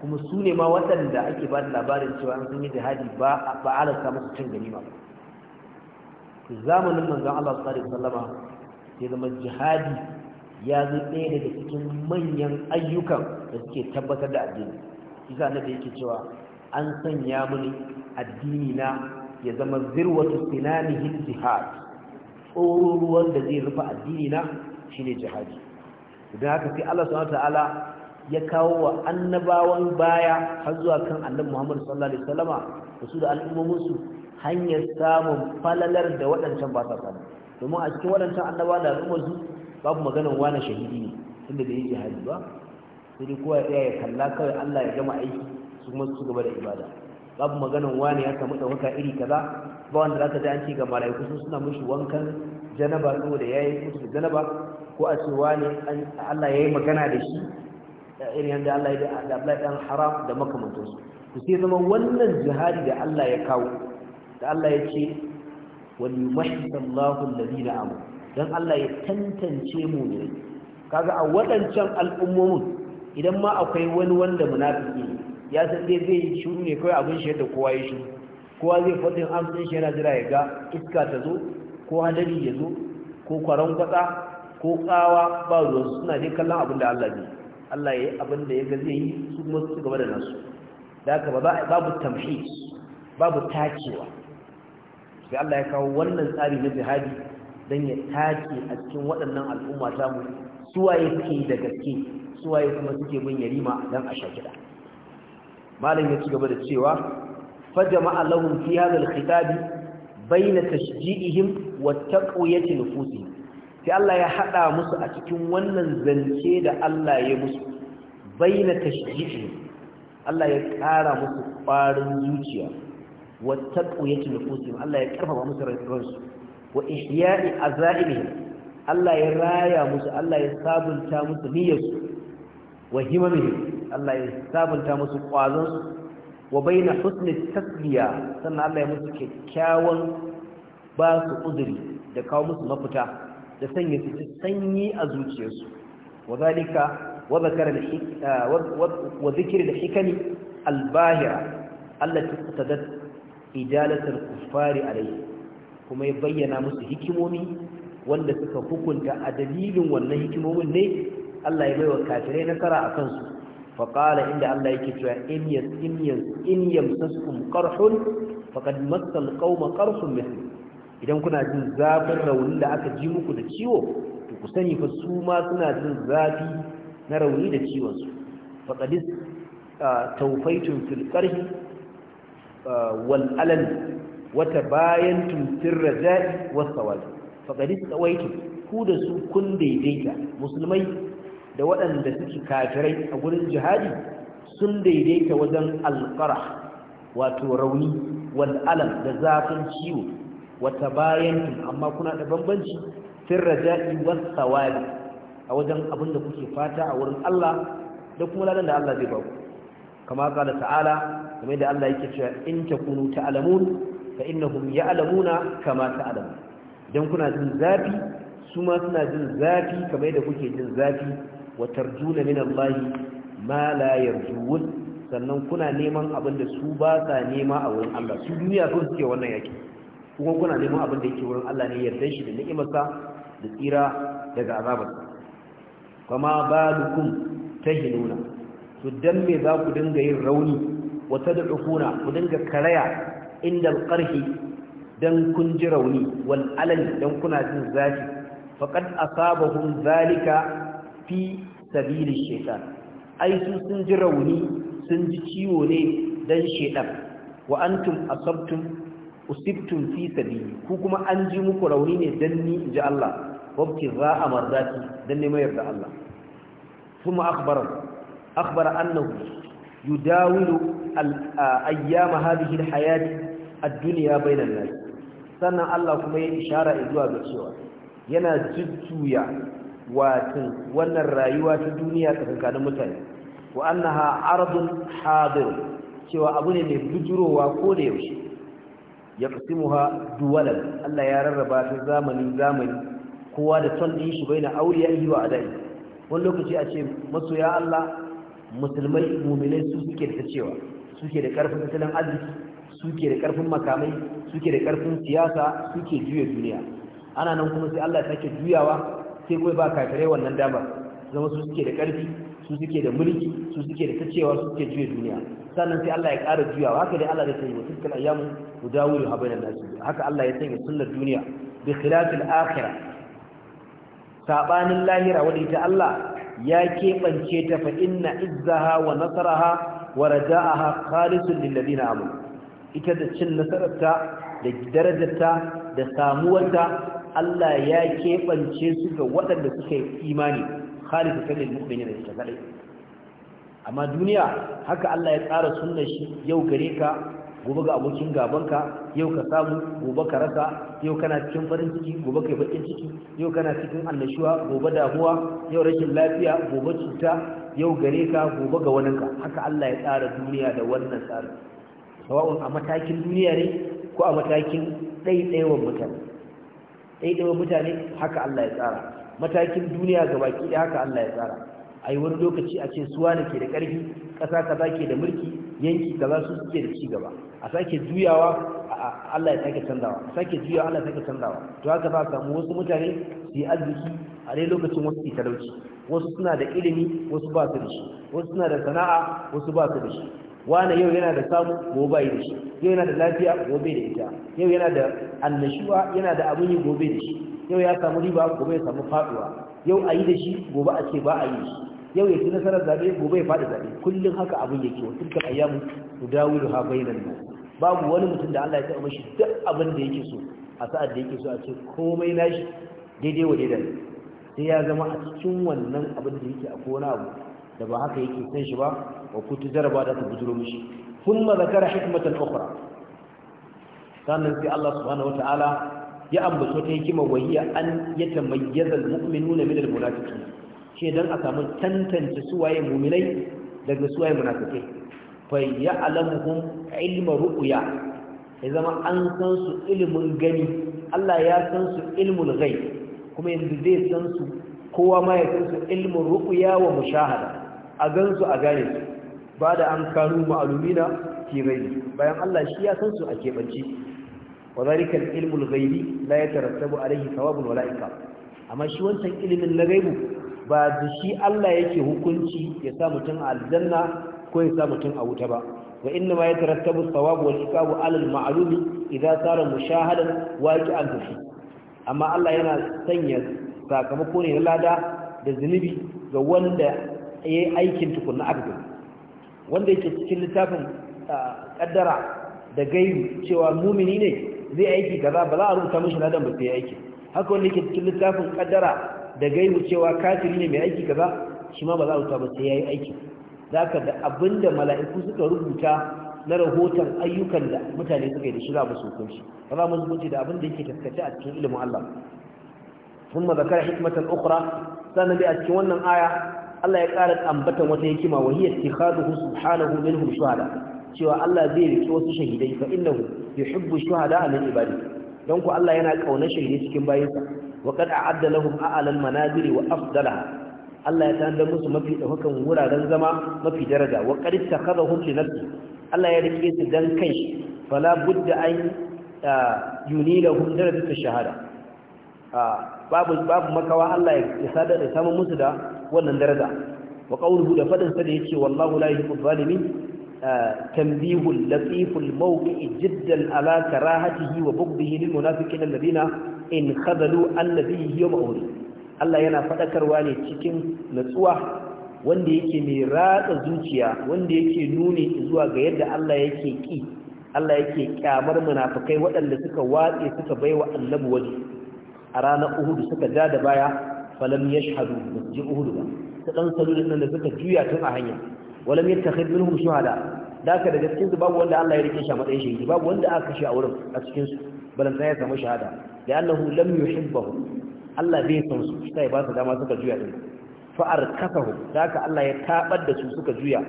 kuma su ne ma waɗanda ake ba da labarin cewa an sun yi jihadi ba a alasta musu cin gani ba zamanin manzan Allah sallallahu alaihi wasallama ya zama jihadi ya zo ɗaya daga cikin manyan ayyukan da suke tabbatar da addini isa na da yake cewa an sanya mini addini na ya zama zirwatu sinanihi jihad tsoro ruwan da zai rufe addini na shine jihadi Idan haka sai Allah subhanahu wataala ya kawo wa annabawan baya har zuwa kan annabi Muhammad sallallahu alaihi wasallama da su da al'ummomin su hanyar samun falalar da waɗancan ba sa samu domin a cikin waɗancan annaba da al'ummar su babu maganar wani shahidi ne tunda da yake hali ba sai dai kowa ya ya kalla kawai Allah ya gama aiki su kuma su gaba da ibada babu maganar wani ya samu ɗaukaka iri kaza ba wanda zaka ji an ce ga malaiku sun, suna mushi wankan janaba saboda yayi da janaba ko a ce wani Allah ya yi magana da shi irin da Allah ya da Abdullahi dan Haram da makamantarsu. to sai zama wannan jihadi da Allah ya kawo da Allah ya ce wal yumahhisallahu alladhina amu. dan Allah ya tantance mu ne kaga a waɗancan al'ummomin idan ma akwai wani wanda munafiki ne ya san dai zai yi shiru ne kawai abin shi da kowa ya shiru kowa zai fadin amsin shi yana jira ya ga iska ta zo ko hadari ya zo ko kwaron kwatsa ko kawa ba su suna kallon abin da Allah zai Allah ya yi abin da ya ga zai yi su kuma su gaba da nasu da aka ba babu tamshi babu tacewa sai Allah ya kawo wannan tsari na jihadi don ya take a cikin waɗannan al'umma ta mu suwaye suke da gaske suwaye kuma suke bin yarima don a shakida malam ya ci gaba da cewa fa jama'a lahum fi hadha al-khitabi bayna tashji'ihim wa taqwiyati nufusihim sai Allah ya haɗa musu a cikin wannan zance da Allah ya musu Bai na tashji'i Allah ya ƙara musu ƙwarin zuciya wa taqwiyatu nufusihim Allah ya ƙarfafa musu rayuwarsu wa ihya'i azaibihim Allah ya raya musu Allah ya sabunta musu niyyarsu wa himamihim Allah ya sabunta musu ƙwazansu wa bai na husni tasliya sannan Allah ya musu kyakkyawan ba su uzuri da kawo musu mafita da sanya su sanyi a zuciyarsu wa zalika wa zakara da ah, wa zikri da hikami albahira allati tadat ijalatul kuffari alayhi kuma ya bayyana musu hikimomi wanda suka hukunta a dalilin wannan hikimomin ne Allah ya wa kafirai nasara a kansu faƙala inda Allah yake cewa in yamsaskum qarhun faqad massal qauma ƙarfin mithl idan kuna jin zafin rauni da aka ji muku da ciwo to ku sani fa su ma suna jin zafi na rauni da ciwon su faqadis tawfaitun fil qarhi wal alal wa tabayantum fil raja'i was sawab ku da su kun daidaita musulmai da waɗanda suke kafirai a gurin jihadi sun daidaita wajen alqarah wato rauni wal alal da zafin ciwo wata bayan amma kuna da bambanci fil raja'i was sawabi a wajen abin da kuke fata a wurin Allah da kuma ladan da Allah zai ba ku kama qala ta'ala kamar da Allah yake cewa in ta kunu takunu ta'lamun fa innahum ya'lamuna kama ta'lamun dan kuna jin zafi su ma suna jin zafi kama yadda kuke jin zafi wa tarjuna min Allah ma la yarjun sannan kuna neman abin da su ba sa nema a wurin Allah su duniya sun suke wannan yake kuma kuna neman abin da yake wurin Allah ne yarda shi da ni'imarsa da tsira daga azabarsa kama ta hinuna. Su dan me za ku dinga yin rauni da tad'ufuna ku dinga karaya inda ƙarfi dan kun ji rauni wal alal dan kuna jin zafi faqad asabahum zalika fi sabili shaitan ai su sun ji rauni sun ji ciwo ne dan shaitan wa antum asabtum usibtum fi sabili ku kuma an ji muku rauni ne dan ni ji Allah wabti ra'a marzati dan neman yarda Allah kuma akhbara akhbara annahu yudawilu al-ayyam hadhihi al-hayat ad-dunya bayna nas sannan Allah kuma ya ishara zuwa ga cewa yana jujjuya watin wannan rayuwa ta duniya tsakanin mutane wa annaha ardun hadir cewa abu ne mai bujurowa ko da yaushe yaqsimuha duwalan Allah ya rarraba ta zamani zamani kowa da son din shi baina auliyaihi wa adai wani lokaci a ce masoya Allah musulmai mu'minai su suke da cewa suke da karfin tattalin arziki suke da karfin makamai suke da karfin siyasa suke juya duniya ana nan kuma sai Allah ya sake juyawa sai kuma ba kafirai wannan dama zama su suke da karfi su suke da mulki su suke da tacewa su suke juya duniya sannan sai Allah ya ƙara juyawa haka dai Allah zai sanya tilkal ayyamu mudawilu ha bainan nas haka Allah ya sanya sunnar duniya bi khilafil akhirah sabanin lahira wanda ita Allah ya kebance ta fa inna izzaha wa nasraha wa raja'aha khalisun lil ladina amanu ita da cin nasararta da darajarta da samuwarta Allah ya kebance su ga waɗanda suka yi imani khalifu kan mu'minin ne kadai amma duniya haka Allah ya tsara sunnar shi yau gare ka gobe ga abokin gabanka yau ka samu gobe ka rasa yau kana cikin farin ciki gobe kai bakin ciki yau kana cikin annashuwa gobe damuwa yau rashin lafiya gobe cuta yau gare ka gobe ga ka, haka Allah ya tsara duniya da wannan tsari. sawa'un a matakin duniya ne ko a matakin ɗaiɗaiwan mutane ɗaiɗaiwan mutane haka Allah ya tsara matakin duniya ga baki da haka Allah ya tsara ai wani lokaci a ce suwa na ke da ƙarfi ƙasa kaza ke da mulki yanki kaza su suke da cigaba a sake juyawa Allah ya sake canzawa a sake juyawa Allah ya sake canzawa to haka za a samu wasu mutane su yi arziki a dai lokacin wasu ke talauci wasu suna da ilimi wasu ba su da shi wasu suna da sana'a wasu ba su da shi wani yau yana da samu gobe da shi yau yana da lafiya gobe da ita yau yana da annashuwa yana da abin yi gobe da shi yau ya samu riba gobe ya samu faduwa yau a yi da shi gobe a ce ba a yi shi yau ya ci nasarar zaɓe gobe ya faɗi zaɓe kullum haka abin yake wa dukkan ayyamu su dawo da ha bainan nan babu wani mutum da Allah ya taɓa mashi duk abin da yake so a sa'ad da yake so a ce komai nashi daidai wa daidai sai ya zama a cikin wannan abin da yake a kona abu da ba haka yake san shi ba wa kutu jaraba da ta bujiro mishi kun ma zakara hikmatan ukhra sannan sai Allah subhanahu wataala ya ambato ta hikima wahiya an yatamayyaza almu'minuna min almunafiqin shi dan a samu tantance suwaye mu'minai daga suwaye munafikai fa ya'lamuhum ilma ru'ya ya zama an san su ilimin gani Allah ya san su ilmul ghaib kuma yanzu zai san su kowa ma ya san su ilmul ru'ya wa mushahada a gansu a gane su ba da an karu ma'alumina na ghairi bayan Allah shi ya san su a keɓance wa ilmul al-ilmu na ya la yatarattabu alayhi thawabun sababin wala'ika. amma shi wancan ilimin na gaibu ba da shi Allah yake hukunci ya sa mutum a aljanna ko ya sa mutum a wuta ba wa inna ma yatarattabu thawabu wal iqabu ala al-ma'lumi idza sara mushahadan waqi'an bihi amma Allah yana sanya sakamako ne na lada da zunubi ga wanda yayi aikin tukunna aka wanda yake cikin littafin kaddara da gairu cewa mumini ne zai aiki kaza ba za a rubuta mishi ladan ba sai aiki haka wanda yake cikin littafin kaddara da gairu cewa kafiri ne mai aiki kaza shi ma ba za a rubuta ba sai yayi aiki zaka da abinda mala'iku suka rubuta na rahoton ayyukan da mutane suka yi da shi za mu so shi. ba za mu zubuci da abinda yake taskace a cikin ilimin Allah ثم ذكر حكمة bi a cikin wannan aya. Allah ya ƙara ambata wata hikima wa hiya ittikhaduhu subhanahu minhum shuhada cewa Allah zai riki wasu shahidai fa innahu yuhibbu shuhada min ibadi don ku Allah yana kauna shahidai cikin bayinsa wa qad a'adda lahum a'lan manaziri wa afdalaha Allah ya tanda musu mafi daukan wuraren zama mafi daraja wa qad ittakhadahum li nafsi Allah ya rike su dan kai fala budda an ah, yunilahum darajatu shahada Ah, babu babu makawa Allah ya sadar da samun musu da wannan daraja wa qawluhu da fadin sa da yace wallahu la yuhibbu zalimin ah, tanbihul latiful mawqi'i jiddan ala karahatihi wa bughdihi lil munafiqina alladhina in khadalu annabihi yawma uhud Allah yana fadakarwa ne cikin natsuwa wanda yake mai ratsa zuciya wanda yake nuni zuwa ga yadda Allah yake ki Allah yake kyamar munafikai waɗanda suka watse suka baiwa annabi waje a ranar uhudu suka ja da baya falam ya shahadu ba su ji uhudu ba ta ɗan salulun nan da suka juya tun a hanya walam ya ta haifin hun shuhada da aka da, cikinsu babu wanda Allah ya rike shi a matsayin shahidi babu wanda aka kashe a wurin a cikinsu balanta ya samu shahada da annahu lam yuhibbahu Allah bai san su sai ba su dama suka juya din fa arkasahu da aka Allah ya tabar da su suka juya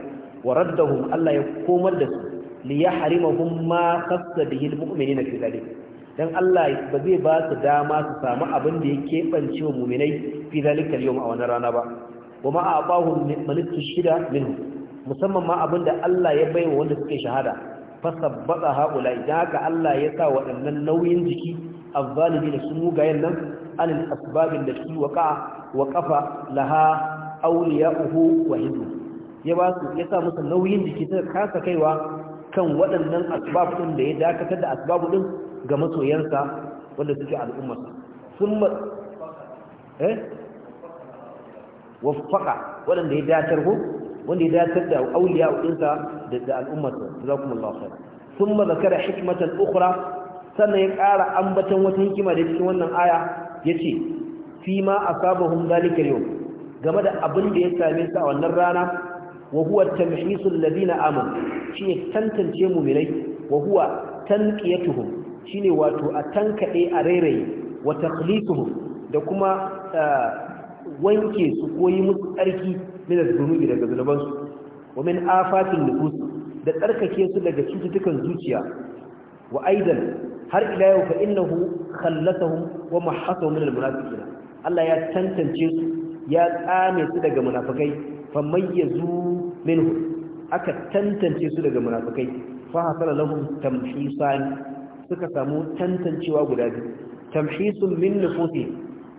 wa raddahum Allah ya komar da su li yahrimahum ma khassa bihi almu'minina fi dhalik dan Allah ba zai ba su dama su samu abin da ya keɓance wa muminai fi zalika yau a wannan rana ba wa ma a'tahu malitu shida minhu musamman ma abin da Allah ya baiwa wanda suke shahada fasabbata haula idan haka Allah ya sa waɗannan nauyin jiki azzalimi da su mugayen nan an asbabin da su wa qafa laha awliya'uhu wa hidu ya ba su ya sa musu nauyin jiki suka kasa kaiwa kan waɗannan asbab din da ya dakatar da asbabu din ga masoyansa wanda suke al'ummarsa sun ma eh waffaka wanda ya datar ko wanda ya datar da auliya ɗinsa da al'ummarsa jazakumullahu khair sun ma zakara hikmatan ukhra sannan ya ƙara ambatan wata hikima da cikin wannan aya ya ce, fi ma a asabahum zalika yau game da abin da ya same su a wannan rana wa huwa tamhisul ladina amanu ya tantance mu mu'minai wa huwa tanqiyatuhum shine wato a tankaɗe a rairaye wa takhlisuhum da kuma wanke su ko yi musu tsarki min az-zunubi daga zunuban su wa min afatin nufus da tsarkake su daga cututtukan zuciya wa aidan har ila yau fa innahu khallatahum wa mahasahum min al-munafiqina Allah ya tantance su ya tsame su daga munafikai fa mayyazu minhu aka tantance su daga munafikai fa hasala lahum tamhisan suka samu tantancewa guda biyu tamhisun min nufusi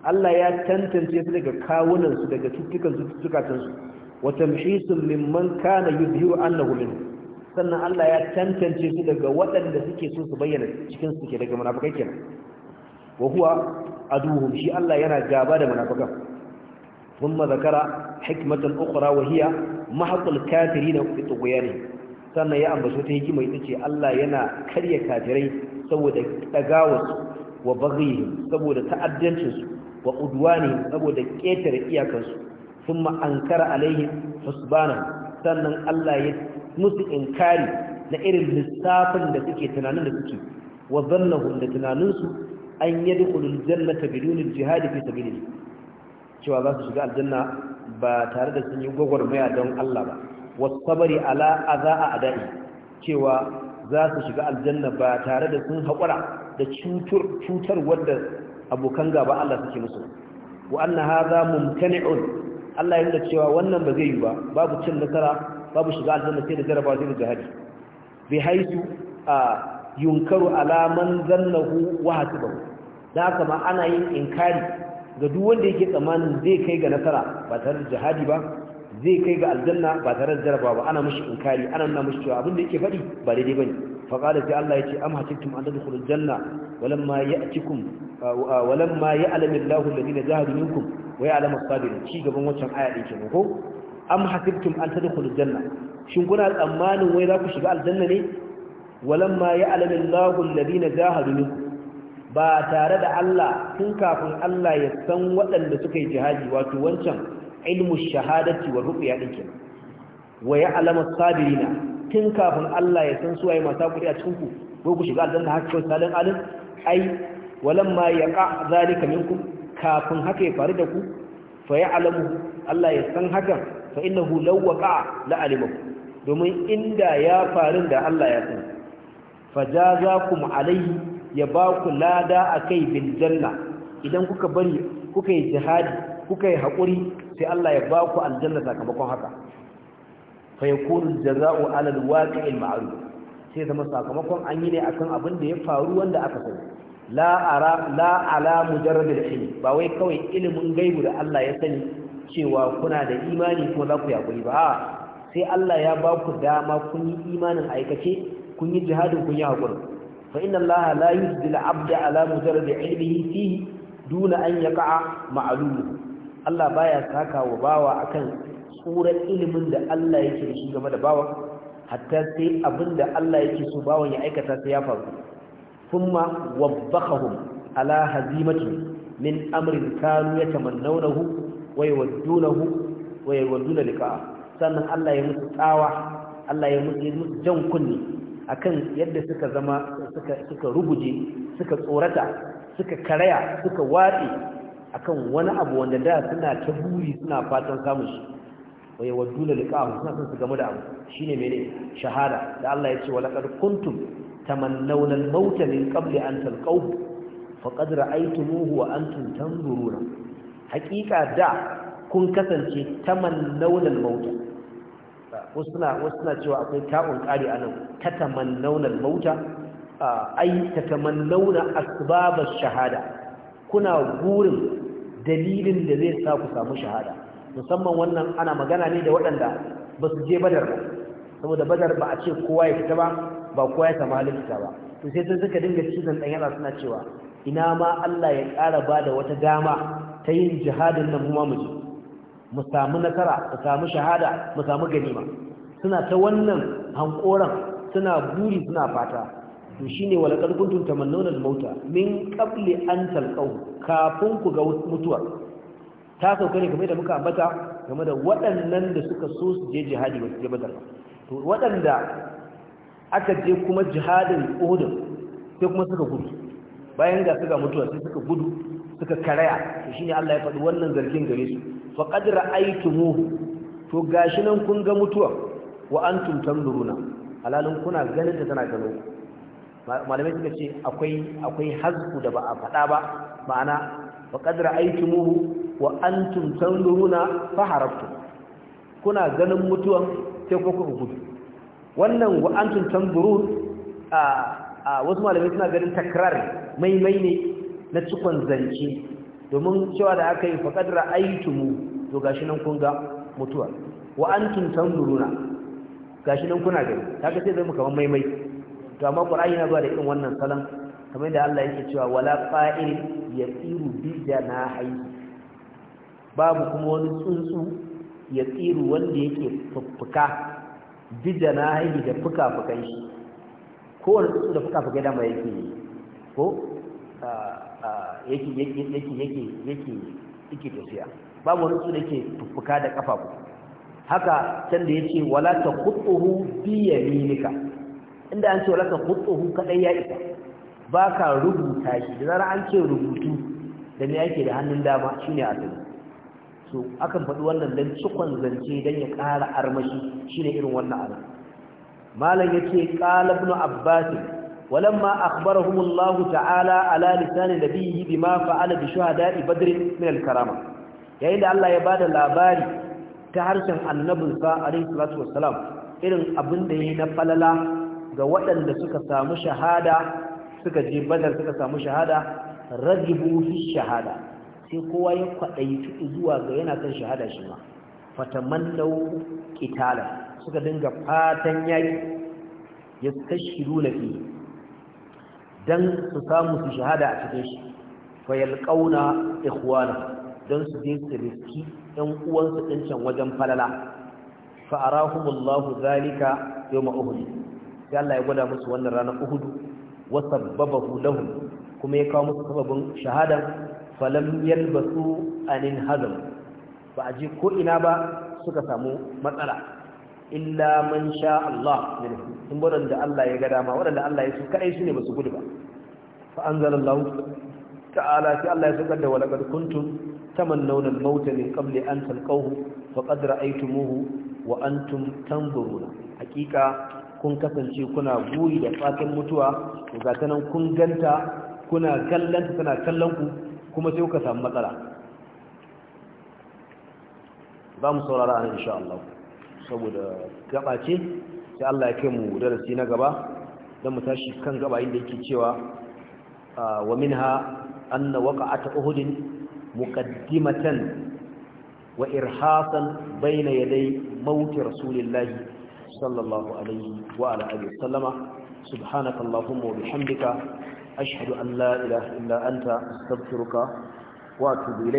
Allah ya tantance su daga kawunansu daga tuttukan su tuttukatan su wa tamhisun mimman kana yuzhiru annahu min sannan Allah ya tantance su daga waɗanda suke so su bayyana cikin suke daga munafikai kenan wa huwa aduhum shi Allah yana gaba da munafikan ثم ذكر حكمة أخرى وهي محق الكافرين في طغيانهم sannan ya ambaci ta hikima ita ce Allah yana karya kafirai saboda dagawarsu wa baghihim saboda su wa udwanihim saboda ketare iyakarsu thumma ankara alaihim husbana sannan Allah ya musu inkari na irin lissafin da suke tunanin da suke wa zannahum da tunaninsu an yadkhulul jannata bidunil jihad fi sabilillah cewa za su shiga aljanna ba tare da sun yi gwagwarmaya don Allah ba wasabari ala aza a adai cewa za su shiga aljanna ba tare da sun haƙura da cutar wadda abokan gaba Allah suke musu wa anna hadha mumtani'un Allah ya nuna cewa wannan ba zai yi ba babu cin nasara babu shiga aljanna sai da jarabawa sai da jihadi bi haisu a yunkaru ala man zannahu wa hasiba da haka ma ana yin inkari ga duk wanda yake tsamanin zai kai ga nasara ba tare da jihadi ba zai kai ga aljanna ba tare da jarabawa ba ana mushi inkari ana nuna mushi cewa abin da yake faɗi ba daidai bane fa qala sai Allah yace am hatittum an tadkhulul janna walamma ya'tikum walamma ya'lamu Allahu alladhina jahadu minkum wa ya'lamu as-sabirin ci gaban wancan aya din kenan ko am hatittum an tadkhulul janna shin kuna tsammanin wai za ku shiga aljanna ne walamma ya'lamu Allahu alladhina jahadu minkum ba tare da Allah tun kafin Allah ya san waɗanda suka yi jihadi wato wancan ilmu shahadati wa ruqya dinki kenan wa ya'lamu sabirina tun kafin Allah ya san su ayi masu hakuri a cikin ku ko ku shiga aljanna haka kawai salin alin ai walamma yaqa zalika minkum kafin haka ya faru da ku fa ya'lamu Allah ya san hakan fa innahu law waqa la alimahu domin inda ya faru da Allah ya san fa jazakum Alayhi ya ba ku lada akai bil janna idan kuka bari kuka yi jihadi kuka yi haƙuri sai Allah ya ba ku aljanna sakamakon haka fa yakunu jazaa'u 'ala al ma'ruf sai zama sakamakon an yi ne akan abin da ya faru wanda aka sani la ara la ala mujarrad al-ilm ba wai kawai ilimin gaibu da Allah ya sani cewa kuna da imani kuma za ku yi haƙuri ba sai Allah ya ba ku dama kun yi imanin aikace kun yi jihadin kun yi haƙuri فإن الله لا يجزي العبد على مجرد علمه فيه دون أن يقع معلومه Allah baya saka wa bawa akan tsoron ilimin da Allah yake da shi game da bawa hatta sai abin da Allah yake so bawan ya aikata sai ya faru thumma wabbahum ala hazimati min amrin kanu yatamannawnahu wa yawaddunahu wa yawadduna liqa sannan Allah ya musu tsawa Allah ya musu jan kunni akan yadda suka zama suka suka rubuje suka tsorata suka karaya suka watsi akan wani abu wanda da suna ta buri suna fatan samun shi wa yawadduna liqa'ahu suna son su gamu da abu shine mene shahada da Allah ya ce wa laqad kuntum tamannawna al-maut min qabli an talqahu faqad ra'aytumuhu wa antum tanzuruna haqiqa da kun kasance tamannawna al-maut wasu suna cewa akwai ta'un ƙari a nan ta tamannawna al-maut ai ta tamannawna asbab ash-shahada kuna gurin dalilin da zai sa ku samu shahada musamman wannan ana magana ne da waɗanda ba su je badar ba saboda badar ba a ce kowa ya fita ba ba kowa ya samu halin ba to sai sun suka dinga cizon ɗan yana suna cewa ina ma Allah ya ƙara ba da wata dama ta yin jihadin nan kuma mu je mu samu nasara mu samu shahada mu samu ganima suna ta wannan hankoran suna buri suna fata to shine wala ƙarfin kuntum tamannuna al-mauta min qabli an talqaw kafin ku ga mutuwa ta sauka ne kamar da muka ambata game da waɗannan da suka so su je jihadi ba su je badar to waɗanda aka je kuma jihadin uhud sai kuma suka gudu bayan ga suka mutuwa sai suka gudu suka karaya to shine Allah ya faɗi wannan zargin gare su fa qad ra'aytumuhu to gashi nan kun ga mutuwa wa antum tanzuruna halalin kuna ganin ta tana gano malamai suka ce akwai akwai hazku da ba a faɗa ba ma'ana wa qadra aitumuhu wa antum tanzuruna fa harabtu kuna ganin mutuwan sai ko ku gudu wannan wa antum tanzurun a wasu malamai suna ganin takrar mai ne na cikon zance domin cewa da aka yi fa qadra aitumu to gashi nan kun ga mutuwa wa antum tanzuruna gashi nan kuna gani kaga sai zai mu kaman mai to amma qur'ani yana zuwa da irin wannan salon kamar yadda Allah yake cewa wala qa'il yasiru bi janahi babu kuma wani tsuntsu ya tsiru wanda yake fuffuka bi janahi da fuka-fukan shi wani tsuntsu da fuka-fukai dama yake yi ko ah, ah, yake yake yake yake yake tafiya babu wani tsuntsu da yake fuffuka da kafafu haka can da yace wala taqutuhu bi yaminika inda an ce laka kutsohu kadai ya isa ba ka rubuta shi da zarar an ce rubutu da me yake da hannun dama shine asali so akan faɗi wannan dan cikon zance dan ya ƙara armashi shine irin wannan abu malam yace qala ibn abbas walamma akhbarahum ta'ala ala lisan nabiyhi bima fa'ala bi shuhada'i badr min al-karama yayin da Allah ya bada labari ta harshen annabinsa alaihi salatu wassalam irin abin da yayi na falala ga waɗanda suka samu shahada suka je badar suka samu shahada ragibu fi shahada sai kowa ya kwaɗaitu zuwa ga yana kan shahada shi ma fatamannau qitala suka dinga fatan yayi yastashhiruna fi dan su samu su shahada a cikin shi fa yalqauna ikhwana dan su je su riski ɗan uwansu ɗin can wajen falala fa arahumullahu zalika yawma uhud sai Allah ya gwada musu wannan ranar Uhudu wa sabbabahu lahum kuma ya kawo musu sababin shahada falam yalbasu anin hazam ba a je ko ina ba suka samu matsala illa man sha Allah ne. minhu in waɗanda Allah ya ga dama waɗanda Allah ya su kaɗai su ne ba su gudu ba fa an anzalallahu ta'ala sai Allah ya saka da walaqad kuntum tamannawna al-maut min qabli an talqahu faqad ra'aytumuhu wa an tun tanzuruna hakika kun kasance kuna buri da fatan mutuwa to ta nan kun ganta kuna kallanta tana kallon ku kuma sai kuka samu matsala za mu saurara a insha Allah saboda gaba ce sai Allah ya kai mu darasi na gaba don mu tashi kan gaba inda yake cewa ah, wa minha anna waqa'at uhudin muqaddimatan wa irhasan bayna yaday mauti rasulillahi sallallahu alaihi wa ala alihi sallama subhanaka allahumma wa bihamdika ashhadu an la illa anta astaghfiruka wa